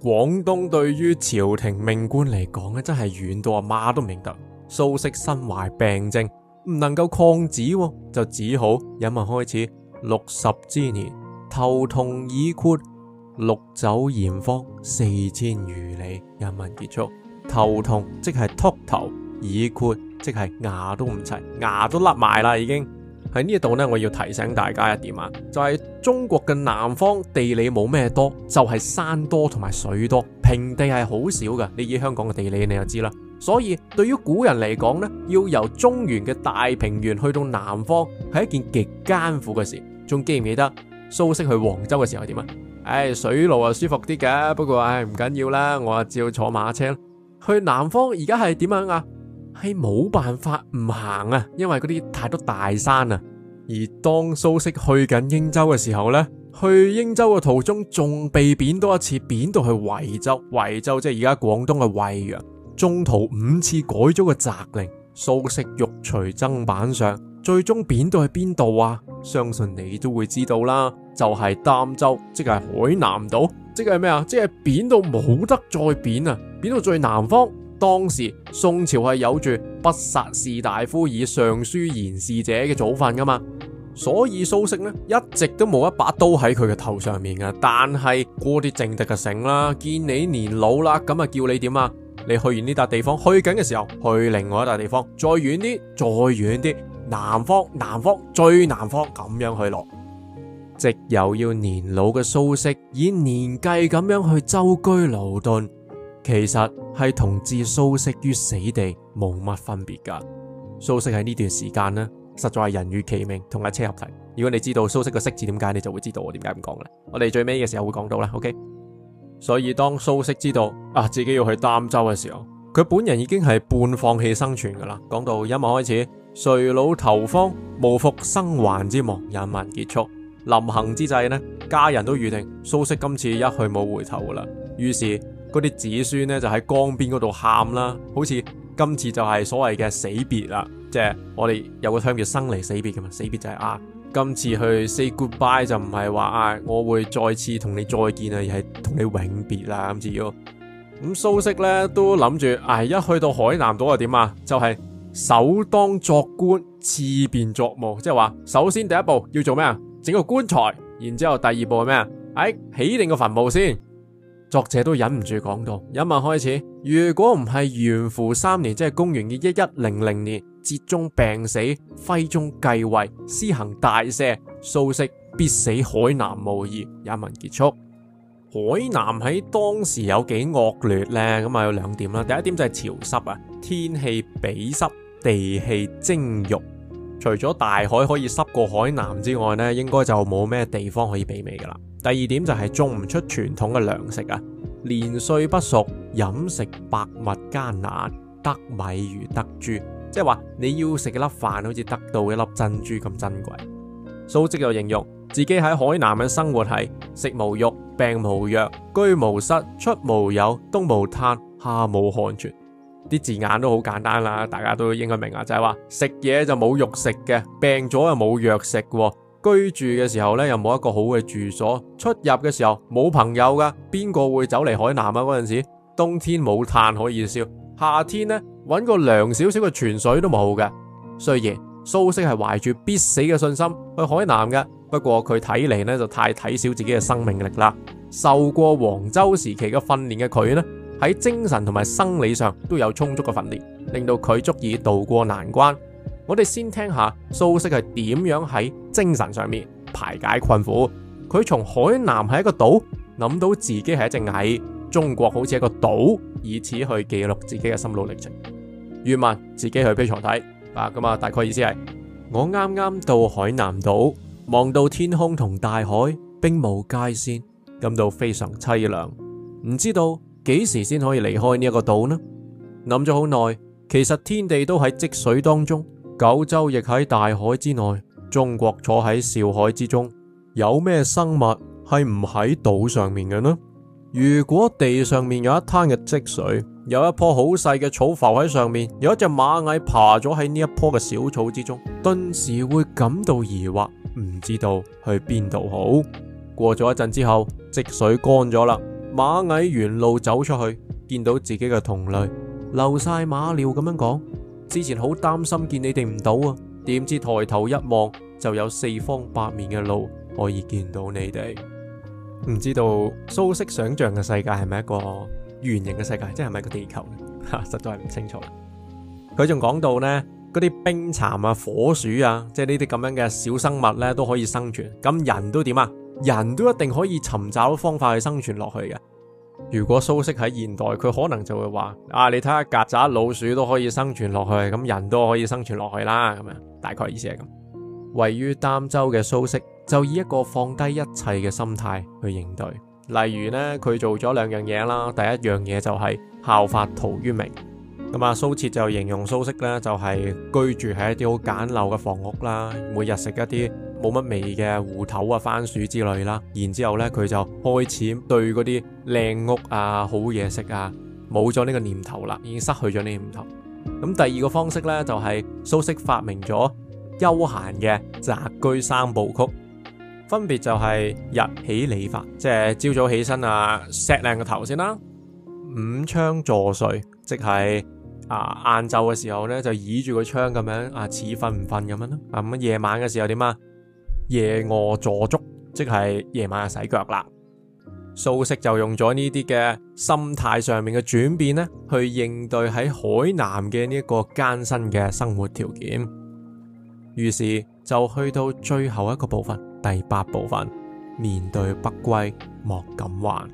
廣東對於朝廷命官嚟講咧，真係遠到阿媽，媽都唔明得。蘇軾身懷病症，唔能夠抗旨，就只好引文開始。六十之年，頭童齒豁，六走炎方四千餘里。引文結束。頭童即係禿頭，齒豁即係牙都唔齊，牙都甩埋啦已經。喺呢度呢，我要提醒大家一點啊，就係中國嘅南方地理冇咩多，就係山多同埋水多，平地係好少㗎。你以香港嘅地理，你就知啦。所以對於古人嚟講呢，要由中原嘅大平原去到南方係一件極艱苦嘅事。仲記唔記得蘇軾去黃州嘅時候係點啊？唉、哎，水路又舒服啲嘅，不過唉，唔緊要啦，我啊照坐馬車啦。去南方而家係點樣啊？係冇辦法唔行啊，因為嗰啲太多大山啊。而當蘇軾去緊英州嘅時候呢，去英州嘅途中仲被貶多一次，貶到去惠州。惠州即係而家廣東嘅惠陽。中途五次改咗個責令，蘇軾欲除砧板上，最終貶到係邊度啊？相信你都會知道啦，就係、是、儋州，即係海南島，即係咩啊？即係貶到冇得再貶啊！貶到最南方。當時宋朝係有住不殺士大夫以上書言事者嘅祖訓噶嘛，所以蘇軾呢一直都冇一把刀喺佢嘅頭上面啊。但係過啲政敵嘅繩啦，見你年老啦，咁啊叫你點啊？你去完呢笪地方，去緊嘅時候去另外一笪地方，再遠啲，再遠啲，南方、南方、最南方咁樣去落。藉由要年老嘅蘇軾以年計咁樣去周居勞頓，其實係同置蘇軾於死地冇乜分別噶。蘇軾喺呢段時間呢，實在係人與其名同阿車合體。如果你知道蘇軾嘅軾字點解，你就會知道我點解咁講嘅啦。我哋最尾嘅時候會講到啦，OK。所以當蘇軾知道啊自己要去儋州嘅時候，佢本人已經係半放棄生存噶啦。講到音樂開始，垂老投荒，無復生還之望。人物結束，臨行之際呢，家人都預定蘇軾今次一去冇回頭噶啦。於是嗰啲子孫呢就喺江邊嗰度喊啦，好似今次就係所謂嘅死別啦，即係我哋有個腔，叫生離死別噶嘛，死別就係啊。今次去 say goodbye 就唔係話啊，我會再次同你再見啊，而係同你永別啦。咁至子咯。咁蘇軾呢都諗住，唉、哎，一去到海南島啊，點啊？就係、是、首當作棺，次便作墓，即係話首先第一步要做咩啊？整個棺材，然之後第二步係咩啊？喺、哎、起定個墳墓先。作者都忍唔住講到，一問開始，如果唔係元符三年，即、就、係、是、公元一一零零年。哲宗病死，徽宗繼位，施行大赦，蘇軾必死海南無疑。引文結束。海南喺當時有幾惡劣咧？咁啊，有兩點啦。第一點就係潮濕啊，天氣比濕，地氣蒸溽，除咗大海可以濕過海南之外咧，應該就冇咩地方可以媲美噶啦。第二點就係種唔出傳統嘅糧食啊，年歲不熟，飲食百物艱難，得米如得珠。即係話你要食一粒飯好似得到一粒珍珠咁珍貴。蘇軾又形容自己喺海南嘅生活係食無肉、病無藥、居無室、出無友、冬無炭、夏無寒泉。啲字眼都好簡單啦，大家都應該明啊，就係、是、話食嘢就冇肉食嘅，病咗又冇藥食，居住嘅時候呢，又冇一個好嘅住所，出入嘅時候冇朋友噶邊個會走嚟海南啊？嗰陣時冬天冇炭可以燒，夏天呢。揾個涼少少嘅泉水都冇嘅。雖然蘇軾係懷住必死嘅信心去海南嘅，不過佢睇嚟呢就太睇小自己嘅生命力啦。受過黃州時期嘅訓練嘅佢呢，喺精神同埋生理上都有充足嘅訓練，令到佢足以渡過難關。我哋先聽下蘇軾係點樣喺精神上面排解困苦。佢從海南係一個島，諗到自己係一隻蟻，中國好似一個島，以此去記錄自己嘅心路歷程。預問自己去披床睇啊，咁啊，大概意思係我啱啱到海南島，望到天空同大海，並冇界線，感到非常淒涼，唔知道幾時先可以離開呢一個島呢？諗咗好耐，其實天地都喺積水當中，九州亦喺大海之內，中國坐喺少海之中，有咩生物係唔喺島上面嘅呢？如果地上面有一灘嘅積水，有一棵好細嘅草浮喺上面，有一隻螞蟻爬咗喺呢一棵嘅小草之中，頓時會感到疑惑，唔知道去邊度好。過咗一陣之後，積水乾咗啦，螞蟻沿路走出去，見到自己嘅同類，流晒馬尿咁樣講：之前好擔心見你哋唔到啊，點知抬頭一望就有四方八面嘅路，可以見到你哋。唔知道蘇軾想象嘅世界係咪一個？圓形嘅世界，即係咪個地球咧？吓，實在係唔清楚。佢仲講到呢，嗰啲冰蠶啊、火鼠啊，即係呢啲咁樣嘅小生物呢，都可以生存。咁人都點啊？人都一定可以尋找方法去生存落去嘅。如果蘇軾喺現代，佢可能就會話：啊，你睇下，曱甴、老鼠都可以生存落去，咁人都可以生存落去啦。咁樣，大概意思係咁。 (laughs) 位於儋州嘅蘇軾，就以一個放低一切嘅心態去應對。例如呢佢做咗兩樣嘢啦。第一樣嘢就係效法陶淵明，咁啊蘇轍就形容蘇軾呢，就係居住喺一啲好簡陋嘅房屋啦，每日食一啲冇乜味嘅芋頭啊、番薯之類啦。然之後呢，佢就開始對嗰啲靚屋啊、好嘢食啊，冇咗呢個念頭啦，已經失去咗呢念頭。咁第二個方式呢，就係蘇軾發明咗悠閒嘅宅居三部曲。分別就係日起理髮，即係朝早起身啊，錫靚個頭先啦。午窗坐睡，即係啊，晏晝嘅時候咧就倚住個窗咁樣啊，似瞓唔瞓咁樣咯。啊，咁夜晚嘅時候點啊？睡睡啊，夜臥坐足，即係夜晚啊，洗腳啦。蘇軾就用咗呢啲嘅心態上面嘅轉變咧，去應對喺海南嘅呢一個艱辛嘅生活條件。於是就去到最後一個部分。第八部分，面對北歸莫敢還。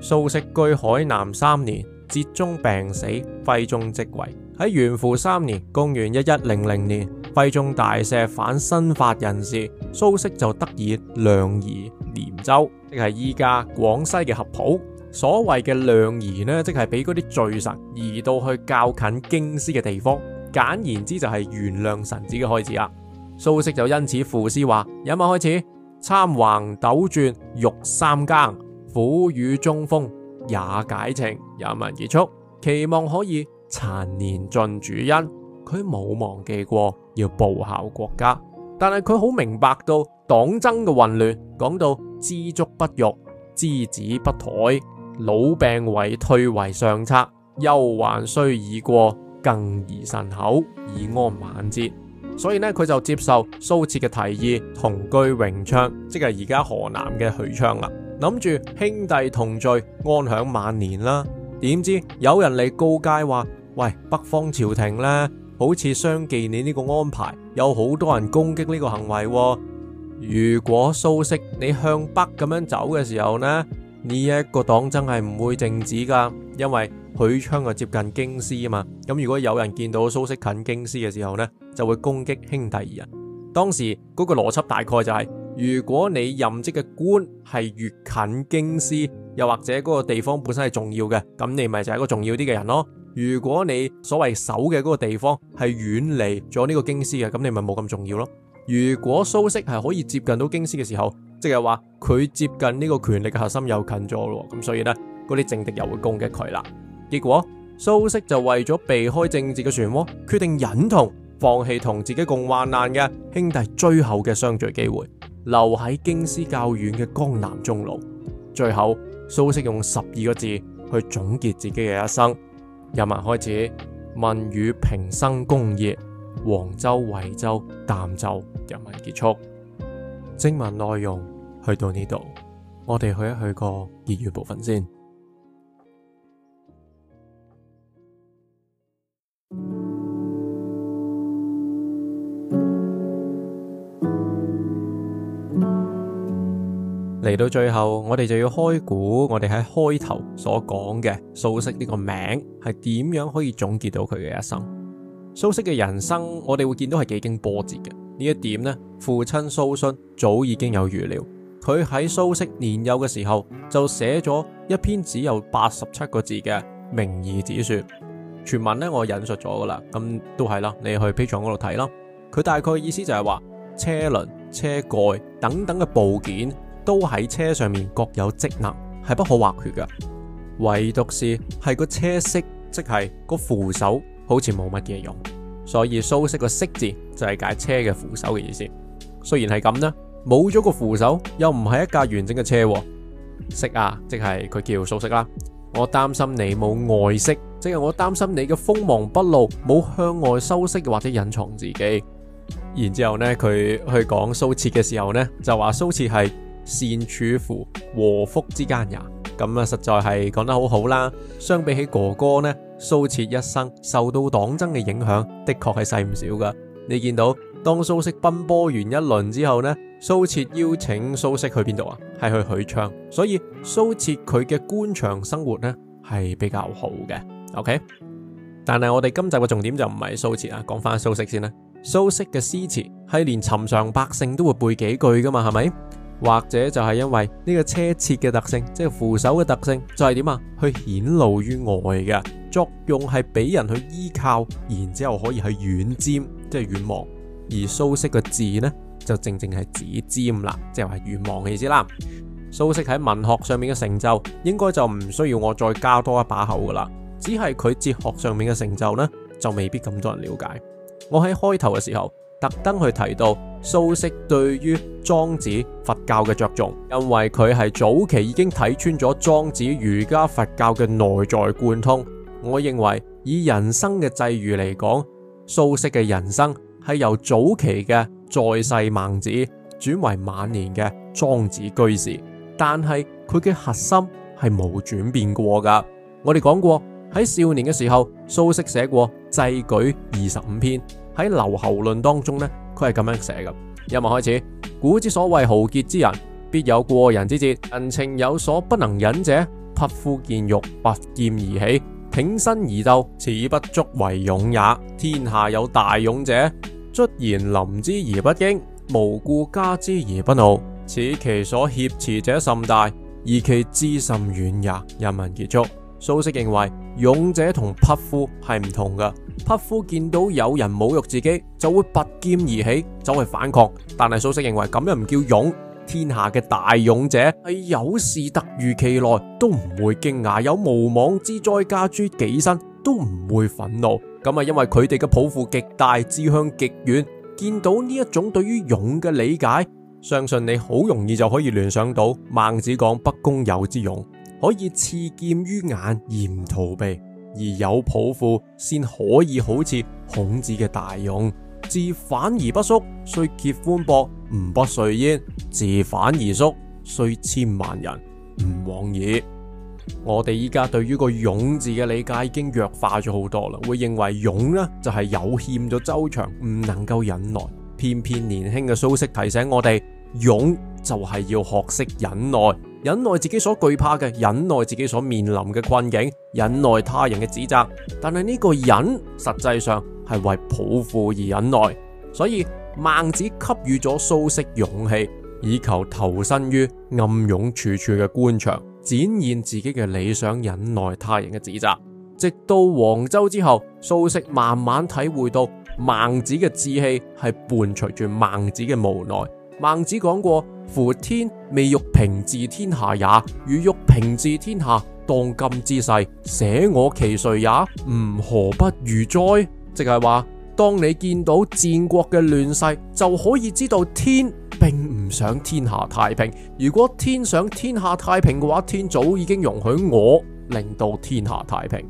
蘇軾居海南三年，哲宗病死，徽宗即位。喺元符三年（公元一一零零年），徽宗大赦反新法人士，蘇軾就得以量移廉州，即係依家廣西嘅合浦。所謂嘅量移呢，即係俾嗰啲罪人移到去較近京師嘅地方。簡言之，就係原諒臣子嘅開始啊。蘇軾就因此賦詩話：有日開始，參橫斗轉欲三更，苦雨終風也解晴。有文結束，期望可以殘年盡主恩。佢冇忘記過要報效國家，但係佢好明白到黨爭嘅混亂。講到知足不辱，知止不殆，老病為退為上策。憂患雖已過，更宜慎口，以安晚節。所以呢，佢就接受蘇軾嘅提議，同居榮昌，即係而家河南嘅許昌啦，啊。諗住兄弟同聚，安享晚年啦。點知有人嚟告誡話：喂，北方朝廷呢，好似相忌你呢個安排，有好多人攻擊呢個行為，啊。如果蘇軾你向北咁樣走嘅時候呢，呢、這、一個黨真係唔會靜止噶。因為許昌啊接近京師啊嘛，咁如果有人見到蘇軾近京師嘅時候呢，就會攻擊兄弟二人。當時嗰個邏輯大概就係，如果你任職嘅官係越近京師，又或者嗰個地方本身係重要嘅，咁你咪就係一個重要啲嘅人咯。如果你所謂守嘅嗰個地方係遠離咗呢個京師嘅，咁你咪冇咁重要咯。如果蘇軾係可以接近到京師嘅時候，即係話佢接近呢個權力嘅核心又近咗咯，咁所以呢，嗰啲政敵又會攻擊佢啦。結果蘇軾就為咗避開政治嘅漩渦，決定忍痛放棄同自己共患難嘅兄弟最後嘅相聚機會，留喺京師較遠嘅江南中路。最後蘇軾用十二個字去總結自己嘅一生：入文開始，問汝平生功業，黃州、惠州、儋州。入文結束。正文內容去到呢度，我哋去一去個結語部分先。嚟到最後，我哋就要開估我哋喺開頭所講嘅蘇軾呢個名係點樣可以總結到佢嘅一生？蘇軾嘅人生，我哋會見到係幾經波折嘅。呢一點呢，父親蘇洵早已經有預料，佢喺蘇軾年幼嘅時候就寫咗一篇只有八十七個字嘅《明義子說》。全文呢，我引述咗噶啦，咁、嗯、都係啦，你去 P 藏嗰度睇啦。佢大概意思就係話車輪、車蓋等等嘅部件。都喺車上面各有職能，係不可或缺㗎。唯獨是係個車軾，即係個扶手，好似冇乜嘢用。所以蘇軾個軾字就係解車嘅扶手嘅意思。雖然係咁啦，冇咗個扶手又唔係一架完整嘅車。軾啊，即係佢叫蘇軾啦。我擔心你冇外飾，即係我擔心你嘅鋒芒不露，冇向外修飾或者隱藏自己。然之後呢，佢去講蘇軾嘅時候呢，就話蘇軾係。善處乎禍福之間呀，咁啊，實在係講得好好啦。相比起哥哥呢，蘇轍一生受到黨爭嘅影響，的確係細唔少噶。你見到當蘇軾奔波完一輪之後呢，蘇轍邀請蘇軾去邊度啊？係去許昌，所以蘇轍佢嘅官場生活呢係比較好嘅。OK，但係我哋今集嘅重點就唔係蘇轍啊，講翻蘇軾先啦。蘇軾嘅詩詞係連尋常百姓都會背幾句噶嘛，係咪？或者就係因為呢個車切嘅特性，即係扶手嘅特性，就係點啊？去、就是、顯露於外嘅作用係俾人去依靠，然之後可以去遠瞻，即係遠望。而蘇軾嘅字呢，就正正係子瞻啦，即係話遠望嘅意思啦。蘇軾喺文學上面嘅成就，應該就唔需要我再加多一把口噶啦。只係佢哲學上面嘅成就呢，就未必咁多人了解。我喺開頭嘅時候特登去提到。蘇軾對於莊子佛教嘅着重，因為佢係早期已經睇穿咗莊子儒家佛教嘅內在貫通。我認為以人生嘅際遇嚟講，蘇軾嘅人生係由早期嘅在世孟子轉為晚年嘅莊子居士，但係佢嘅核心係冇轉變過噶。我哋講過喺少年嘅時候，蘇軾寫過《祭舉二十五篇》，喺《留侯論》當中呢？佢係咁樣寫嘅。引文開始，古之所謂豪傑之人，必有過人之節，人情有所不能忍者，匹夫見辱，拔劍而起，挺身而鬥，此不足為勇也。天下有大勇者，卒然臨之而不驚，無故加之而不怒，此其所挾持者甚大，而其志甚遠也。引文結束。蘇軾認為勇者同匹夫係唔同嘅，匹夫見到有人侮辱自己，就會拔劍而起，走去反抗。但係蘇軾認為咁又唔叫勇。天下嘅大勇者係、哎、有事突如其來都唔會驚訝，有無妄之災加諸己身都唔會憤怒。咁啊，因為佢哋嘅抱負極大，志向極遠。見到呢一種對於勇嘅理解，相信你好容易就可以聯想到孟子講不公有之勇。可以刺劍於眼而唔逃避，而有抱負先可以好似孔子嘅大勇，自反而不縮，雖褐寬博，吾不惴焉；自反而縮，雖千萬人，吾往矣。我哋依家對於個勇字嘅理解已經弱化咗好多啦，會認為勇呢就係有欠咗周長，唔能夠忍耐。偏偏年輕嘅蘇軾提醒我哋勇。就係要學識忍耐，忍耐自己所懼怕嘅，忍耐自己所面臨嘅困境，忍耐他人嘅指責。但係呢個忍實際上係為抱負而忍耐，所以孟子給予咗蘇軾勇氣，以求投身於暗湧處處嘅官場，展現自己嘅理想，忍耐他人嘅指責。直到黃州之後，蘇軾慢慢體會到孟子嘅志氣係伴隨住孟子嘅無奈。孟子講過。乎天未欲平治天下也，如欲平治天下，當今之世，舍我其誰也？吾何不如哉？即係話，當你見到戰國嘅亂世，就可以知道天並唔想天下太平。如果天想天下太平嘅話，天早已經容許我令到天下太平。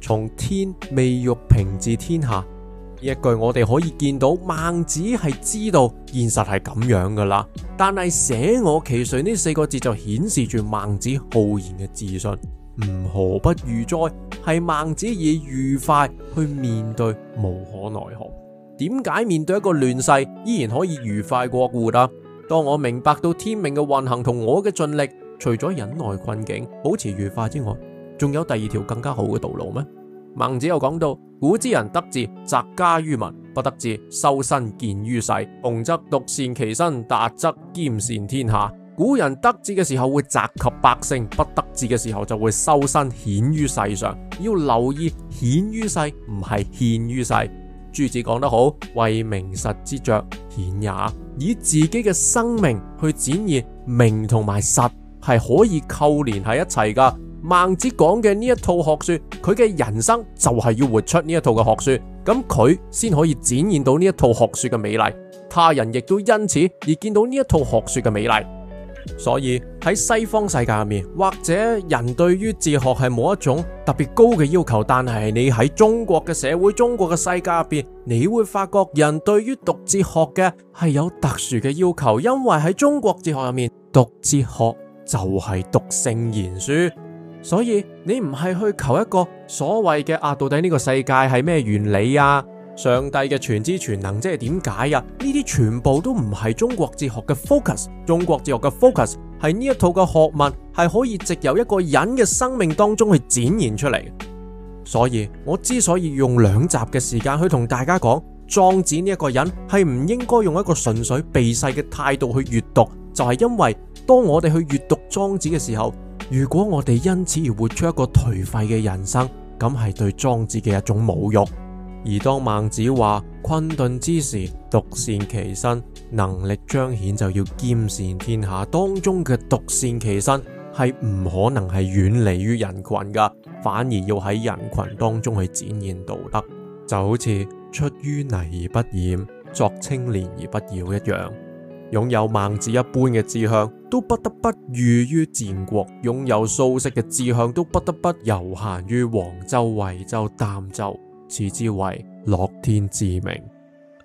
從天未欲平治天下，一句我哋可以見到孟子係知道現實係咁樣噶啦，但係捨我其誰呢四個字就顯示住孟子浩然嘅自信。吾何不豫哉，係孟子以愉快去面對無可奈何。點解面對一個亂世依然可以愉快過活啊？當我明白到天命嘅運行同我嘅盡力，除咗忍耐困境保持愉快之外，仲有第二條更加好嘅道路咩？孟子又講到：古之人得志，澤加於民；不得志，修身見於世。窮則獨善其身，達則兼善天下。古人得志嘅時候會澤及百姓，不得志嘅時候就會修身顯於世上。要留意顯於世，世，唔係獻於世。朱子講得好：為名實之著顯也，以自己嘅生命去展現名同埋實，係可以扣連喺一齊噶。孟子講嘅呢一套學說，佢嘅人生就係要活出呢一套嘅學說，咁佢先可以展現到呢一套學說嘅美麗。他人亦都因此而見到呢一套學說嘅美麗。所以喺西方世界入面，或者人對於哲學係冇一種特別高嘅要求，但係你喺中國嘅社會、中國嘅世界入邊，你會發覺人對於讀哲學嘅係有特殊嘅要求，因為喺中國哲學入面，讀哲學就係讀聖賢書。所以你唔係去求一個所謂嘅啊，到底呢個世界係咩原理啊？上帝嘅全知全能即係點解啊？呢啲，全部都唔係中國哲學嘅 focus。中國哲學嘅 focus 係呢一套嘅學問係可以藉由一個人嘅生命當中去展現出嚟。所以我之所以用兩集嘅時間去同大家講莊子呢一個人係唔應該用一個純粹避世嘅態度去閱讀，就係、是、因為當我哋去閱讀莊子嘅時候。如果我哋因此而活出一個頹廢嘅人生，咁係對莊子嘅一種侮辱。而當孟子話困頓之時，獨善其身，能力彰顯就要兼善天下當中嘅獨善其身，係唔可能係遠離於人群噶，反而要喺人群當中去展現道德，就好似出於泥而不染，濯清漣而不妖一樣。擁有孟子一般嘅志向，都不得不寓於戰國；擁有蘇軾嘅志向，都不得不游閒於黃州、惠州、儋州，此之為樂天知命。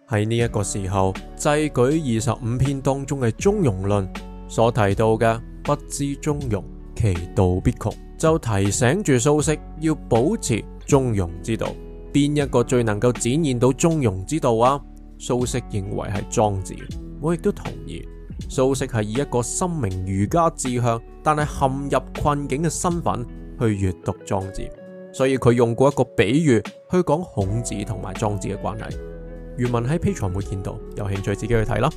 喺呢一個時候，《制舉二十五篇》當中嘅《中庸論》所提到嘅不知中庸，其道必窮，就提醒住蘇軾要保持中庸之道。邊一個最能夠展現到中庸之道啊？蘇軾認為係莊子。我亦都同意，蘇軾係以一個心明儒家志向，但係陷入困境嘅身份去閱讀莊子，所以佢用過一個比喻去講孔子同埋莊子嘅關係。原文喺 Patreon 會見到，有興趣自己去睇啦。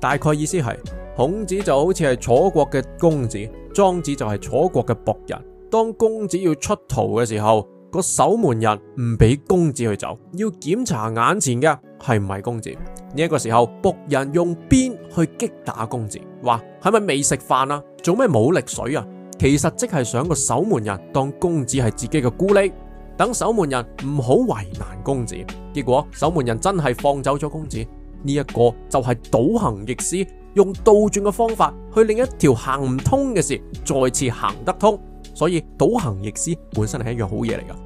大概意思係孔子就好似係楚國嘅公子，莊子就係楚國嘅僕人。當公子要出逃嘅時候，個守門人唔俾公子去走，要檢查眼前嘅係唔係公子。呢、這、一個時候，僕人用鞭去擊打公子，話係咪未食飯啊？做咩冇力水啊？其實即係想個守門人當公子係自己嘅孤呢，等守門人唔好為難公子。結果守門人真係放走咗公子。呢、這、一個就係倒行逆施，用倒轉嘅方法去令一條行唔通嘅事再次行得通。所以，倒行逆施本身係一樣好嘢嚟噶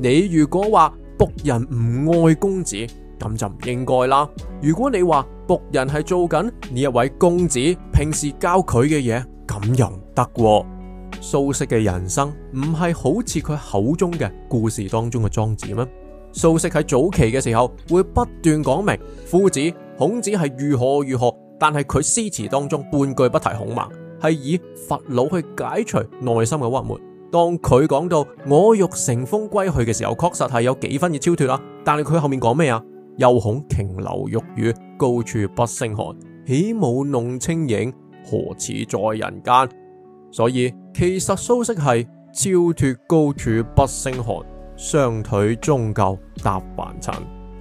你如果話僕人唔愛公子，咁就唔應該啦。如果你話僕人係做緊呢一位公子平時教佢嘅嘢，咁又唔得啊。蘇軾嘅人生唔係好似佢口中嘅故事當中嘅莊子咩？蘇軾喺早期嘅時候會不斷講明夫子、孔子係如何如何，但係佢詩詞當中半句不提孔孟。係以佛老去解除內心嘅鬱悶。當佢講到我欲乘風歸去嘅時候，確實係有幾分嘅超脫啦。但係佢後面講咩啊？又恐瓊樓玉宇，高處不勝寒。起舞弄清影，何似在人間？所以其實蘇軾係超脫高處不勝寒，雙腿終究踏凡塵。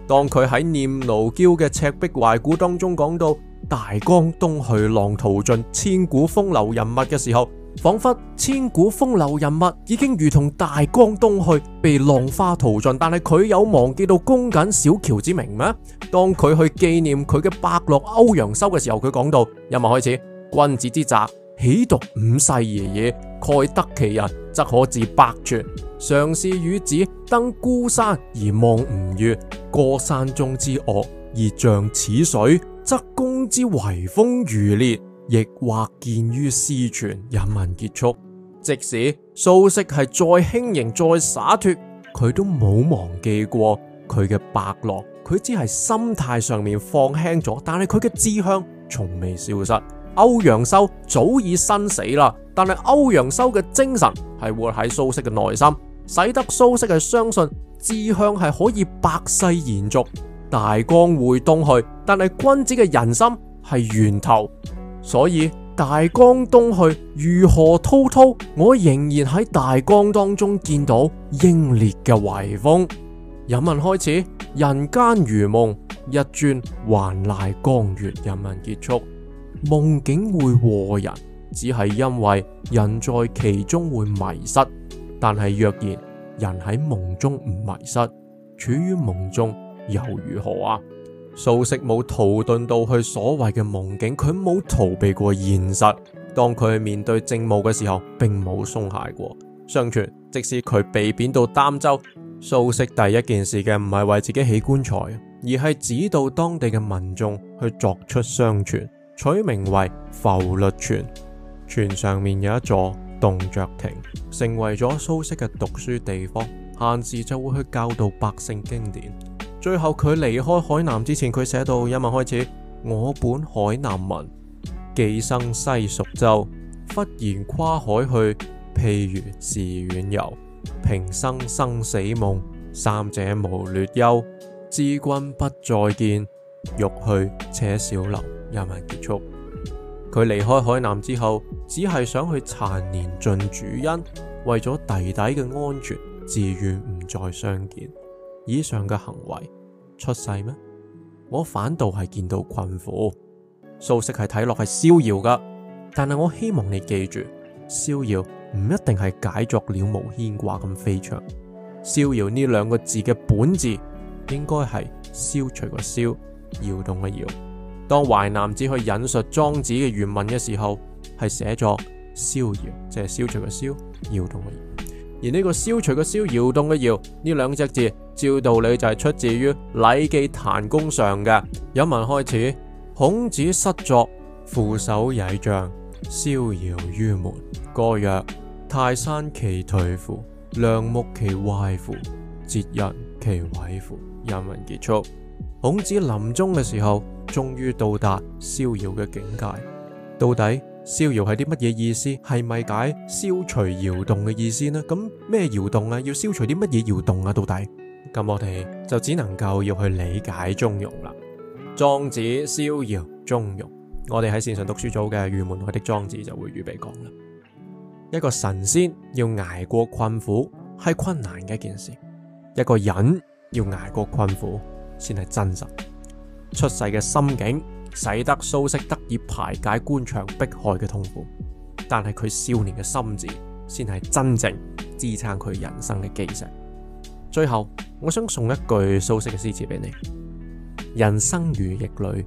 當佢喺念奴嬌嘅赤壁懷古當中講到。大江東去浪淘盡，千古風流人物嘅時候，仿佛千古風流人物已經如同大江東去被浪花淘盡。但係佢有忘記到公瑾小喬之名咩？當佢去紀念佢嘅伯樂歐陽修嘅時候，佢講到：今日開始，君子之澤，豈獨五世而已，蓋得其人，則可至百絕。嘗試與子登孤山而望吳越，過山中之惡而像此水。則公之遺風餘烈，亦或見於私傳，人文結束。即使蘇軾係再輕盈、再灑脫，佢都冇忘記過佢嘅伯樂。佢只係心態上面放輕咗，但係佢嘅志向從未消失。歐陽修早已身死啦，但係歐陽修嘅精神係活喺蘇軾嘅內心，使得蘇軾係相信志向係可以百世延續。大江會東去，但係君子嘅人心係源頭，所以大江東去如何滔滔，我仍然喺大江當中見到英烈嘅遺風。引文開始，人間如夢，一尊還酹江月。引文結束，夢境會惑人，只係因為人在其中會迷失。但係若然人喺夢中唔迷失，處於夢中又如何啊？蘇軾冇逃遁到去所謂嘅夢境，佢冇逃避過現實。當佢去面對政務嘅時候，並冇鬆懈過。相傳，即使佢被貶到儋州，蘇軾第一件事嘅唔係為自己起棺材，而係指導當地嘅民眾去鑿出雙泉，取名為浮律泉。泉上面有一座洞雀亭，成為咗蘇軾嘅讀書地方。閒時就會去教導百姓經典。最後佢離開海南之前，佢寫到：一文開始，我本海南民，寄生西蜀州。忽然跨海去，譬如自遠遊。平生生死夢，三者無劣優。知君不再見，欲去且少留。一文結束。佢離開海南之後，只係想去殘年盡主恩，為咗弟弟嘅安全，自願唔再相見。以上嘅行為出世咩？我反倒係見到困苦，蘇軾係睇落係逍遙噶，但係我希望你記住，逍遙唔一定係解作了無牽掛咁飛翔。逍遙呢兩個字嘅本字應該係消除個消，搖動嘅搖。當淮南子去引述莊子嘅原文嘅時候，係寫作逍遙，即係消除嘅消，搖動嘅搖。而呢個消除嘅消的，搖動嘅搖，呢兩隻字照道理就係出自於《禮記壇·檀弓上》嘅。引文開始：孔子失作，負手曳杖，逍遙於門。歌曰：泰山其頹乎？梁木其壞乎？哲人其萎乎？引文結束。孔子臨終嘅時候，終於到達逍遙嘅境界。到底？逍遙係啲乜嘢意思？係咪解消除搖動嘅意思呢？咁咩搖動啊？要消除啲乜嘢搖動啊？到底？咁我哋就只能夠要去理解中庸啦。莊子逍遙中庸，我哋喺線上讀書組嘅入門課的莊子就會預備講啦。一個神仙要挨過困苦係困難嘅一件事，一個人要挨過困苦先係真實。出世嘅心境，使得蘇軾得以排解官場迫害嘅痛苦，但係佢少年嘅心智先係真正支撐佢人生嘅基石。最後，我想送一句蘇軾嘅詩詞俾你：人生如逆旅，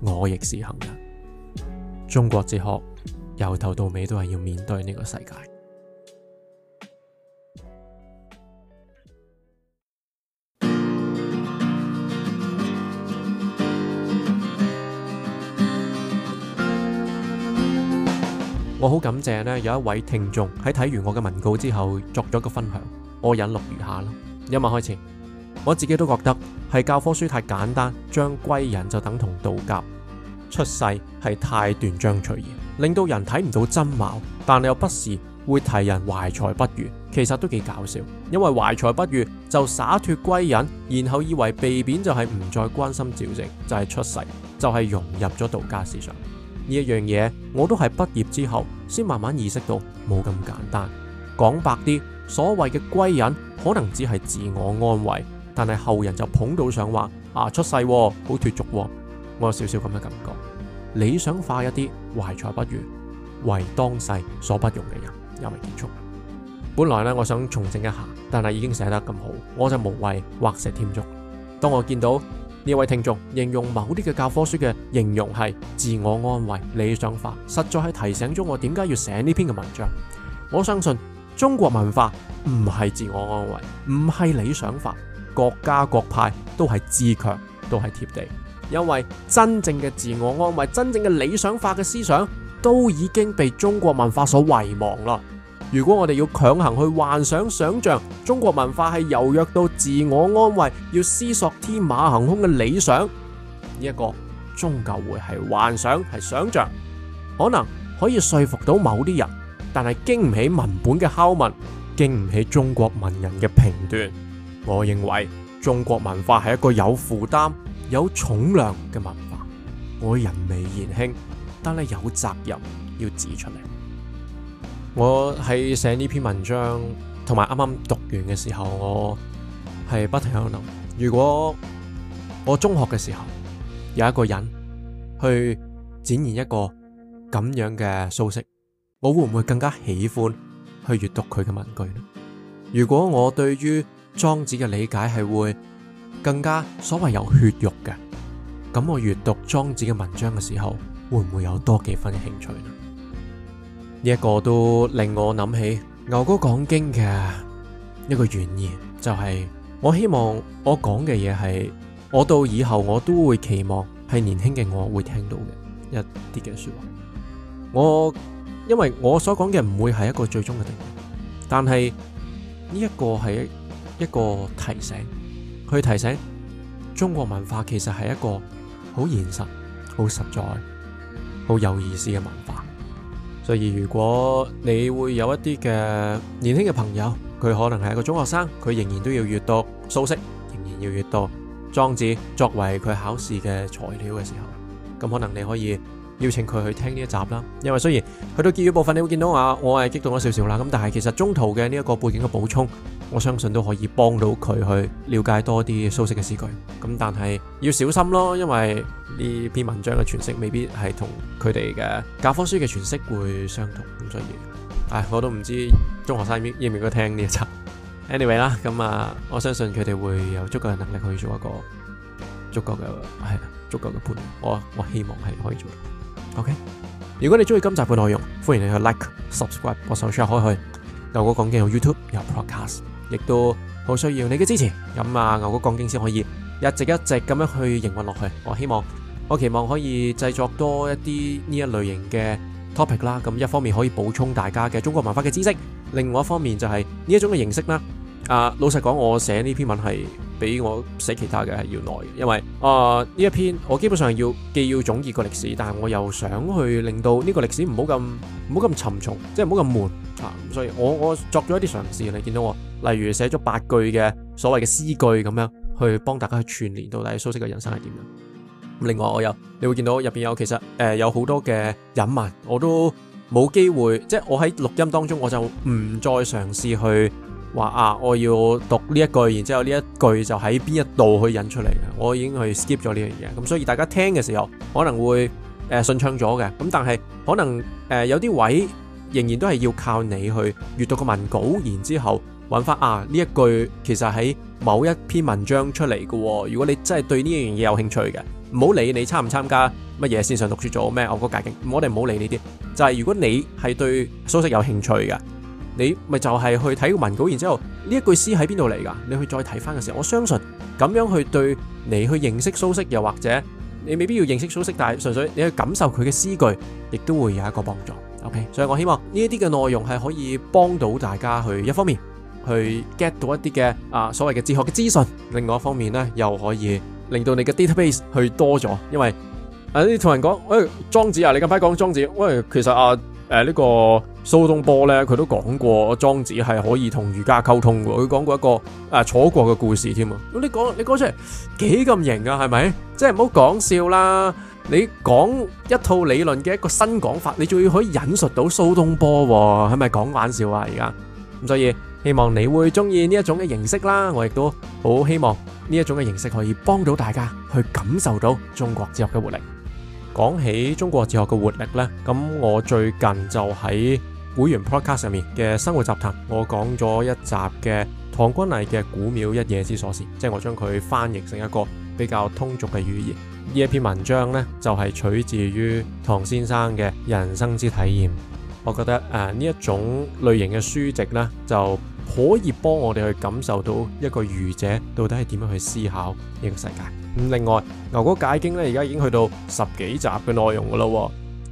我亦是行人。中國哲學由頭到尾都係要面對呢個世界。我好感謝咧，有一位聽眾喺睇完我嘅文稿之後，作咗個分享，我引錄如下啦。今日開始，我自己都覺得係教科書太簡單，將歸隱就等同道家出世，係太斷章取義，令到人睇唔到真貌。但你又不時會提人懷才不遇，其實都幾搞笑，因為懷才不遇就灑脫歸隱，然後以為被貶就係唔再關心朝政，就係、是、出世，就係、是、融入咗道家思想。呢一樣嘢，我都係畢業之後先慢慢意識到冇咁簡單。講白啲，所謂嘅歸隱可能只係自我安慰，但係後人就捧到想話。啊，出世好脫俗，我有少少咁嘅感覺。理想化一啲，懷才不遇，為當世所不容嘅人有未結束。本來呢，我想重整一下，但係已經寫得咁好，我就無謂畫蛇添足。當我見到。呢位聽眾形容某啲嘅教科書嘅形容係自我安慰、理想化，實在係提醒咗我點解要寫呢篇嘅文章。我相信中國文化唔係自我安慰，唔係理想化，各家各派都係自強，都係貼地。因為真正嘅自我安慰、真正嘅理想化嘅思想，都已經被中國文化所遺忘啦。如果我哋要強行去幻想、想象中國文化係柔弱到自我安慰，要思索天馬行空嘅理想，呢、這、一個終究會係幻想，係想象，可能可以說服到某啲人，但係經唔起文本嘅拷問，經唔起中國文人嘅評斷。我認為中國文化係一個有負擔、有重量嘅文化。我人微言輕，但係有責任要指出嚟。我喺寫呢篇文章，同埋啱啱讀完嘅時候，我係不停喺度諗：如果我中學嘅時候有一個人去展現一個咁樣嘅蘇軾，我會唔會更加喜歡去閱讀佢嘅文句呢？如果我對於莊子嘅理解係會更加所謂有血肉嘅，咁我閱讀莊子嘅文章嘅時候，會唔會有多幾分嘅興趣呢？呢一個都令我諗起牛哥講經嘅一個原意，就係我希望我講嘅嘢係，我到以後我都會期望係年輕嘅我會聽到嘅一啲嘅說話。我因為我所講嘅唔會係一個最終嘅定義，但係呢一個係一個提醒，去提醒中國文化其實係一個好現實、好實在、好有意思嘅文化。所以如果你會有一啲嘅年輕嘅朋友，佢可能係一個中學生，佢仍然都要閲讀蘇軾，仍然要閲讀莊子作為佢考試嘅材料嘅時候，咁可能你可以，邀請佢去聽呢一集啦，因為雖然去到結語部分你會見到啊，我係激動咗少少啦，咁但係其實中途嘅呢一個背景嘅補充，我相信都可以幫到佢去了解多啲蘇軾嘅詩句。咁但係要小心咯，因為呢篇文章嘅詮釋未必係同佢哋嘅教科書嘅詮釋會相同，咁所以，唉，我都唔知中學生應唔應該聽呢一集。Anyway 啦，咁啊，我相信佢哋會有足夠嘅能力去做一個足夠嘅係足夠嘅判，我我希望係可以做到。OK，如果你中意今集嘅內容，歡迎你去 Like、Subscribe，或者 Share 開佢。牛哥講經。有 YouTube，有 Podcast，亦都好需要你嘅支持。咁啊，牛哥講經先可以一直一直咁樣去營運落去。我希望，我期望可以製作多一啲呢一類型嘅 topic 啦。咁一方面可以補充大家嘅中國文化嘅知識，另外一方面就係呢一種嘅形式啦。啊，老實講，我寫呢篇文係比我寫其他嘅係要耐，因為啊呢一篇我基本上要既要總結個歷史，但係我又想去令到呢個歷史唔好咁唔好咁沉重，即係唔好咁悶啊。所以我我作咗一啲嘗試，你見到我，例如寫咗八句嘅所謂嘅詩句咁樣，去幫大家去串聯到底蘇軾嘅人生係點樣。另外我有，你會見到入邊有其實誒有好多嘅隱文，我都冇機會，即係我喺錄音當中我就唔再嘗試去。話啊，我要讀呢一句，然之後呢一句就喺邊一度去引出嚟嘅，我已經去 skip 咗呢樣嘢，咁所以大家聽嘅時候可能會誒、呃、順暢咗嘅，咁但係可能誒、呃、有啲位仍然都係要靠你去閱讀個文稿，然之後搵翻啊呢一句其實喺某一篇文章出嚟嘅，哦。如果你真係對呢樣嘢有興趣嘅，唔好理你參唔參加乜嘢線上讀書組咩，我嗰個界定，我哋唔好理呢啲，就係、是、如果你係對蘇軾有興趣嘅。你咪就係去睇個文稿，然之後呢一句詩喺邊度嚟噶？你去再睇翻嘅時候，我相信咁樣去對你去認識蘇軾，又或者你未必要認識蘇軾，但係純粹你去感受佢嘅詩句，亦都會有一個幫助。OK，所以我希望呢一啲嘅內容係可以幫到大家去一方面去 get 到一啲嘅、啊所謂嘅哲學嘅資訊，另外一方面呢又可以令到你嘅 database 去多咗，因為啊你同人講，誒莊子啊，你咁快講莊子，喂，其實啊。誒，呢個蘇東坡咧，佢都講過莊子係可以同儒家溝通嘅，佢講過一個誒楚國嘅故事添啊！你講你講出嚟幾咁型啊？係咪？即係唔好講笑啦！你講一套理論嘅一個新講法，你仲要可以引述到蘇東坡喎，係咪講玩笑啊？而家咁，所以希望你會中意呢一種嘅形式啦，我亦都好希望呢一種嘅形式可以幫到大家去感受到中國哲學嘅活力。講起中國哲學嘅活力呢，咁我最近就喺會員 Podcast 上面嘅生活集談，我講咗一集嘅唐君毅嘅《古廟一夜之所思》，即係我將佢翻譯成一個比較通俗嘅語言。呢一篇文章呢，就係、是、取自於唐先生嘅人生之體驗。我覺得誒呢、呃、一種類型嘅書籍呢，就，可以幫我哋去感受到一個儒者到底係點樣去思考呢個世界。另外，牛哥解經咧，而家已經去到十幾集嘅內容噶啦。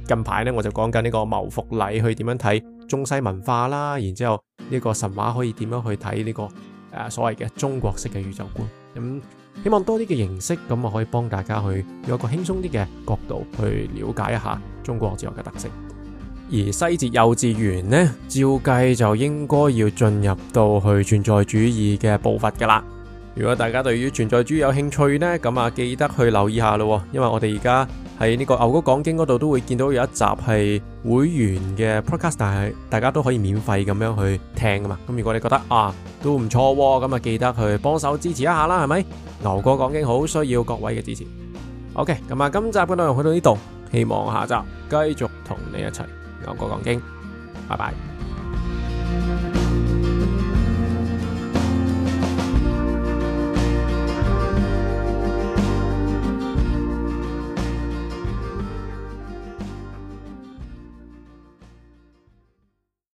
近排咧，我就講緊呢個《謀福禮》，去點樣睇中西文化啦。然之後呢個神話可以點樣去睇呢、這個誒、呃、所謂嘅中國式嘅宇宙觀。咁、嗯、希望多啲嘅形式，咁我可以幫大家去有一個輕鬆啲嘅角度去了解一下中國哲學嘅特色。而西哲幼稚園呢，照計就應該要進入到去存在主義嘅步伐噶啦。如果大家對於存在主義有興趣呢，咁啊記得去留意下咯。因為我哋而家喺呢個牛哥講經嗰度都會見到有一集係會員嘅 podcast，但係大家都可以免費咁樣去聽噶嘛。咁如果你覺得啊都唔錯喎，咁啊記得去幫手支持一下啦，係咪？牛哥講經好需要各位嘅支持。OK，咁啊今集嘅內容去到呢度，希望下集繼續同你一齊。我講，講經，拜拜。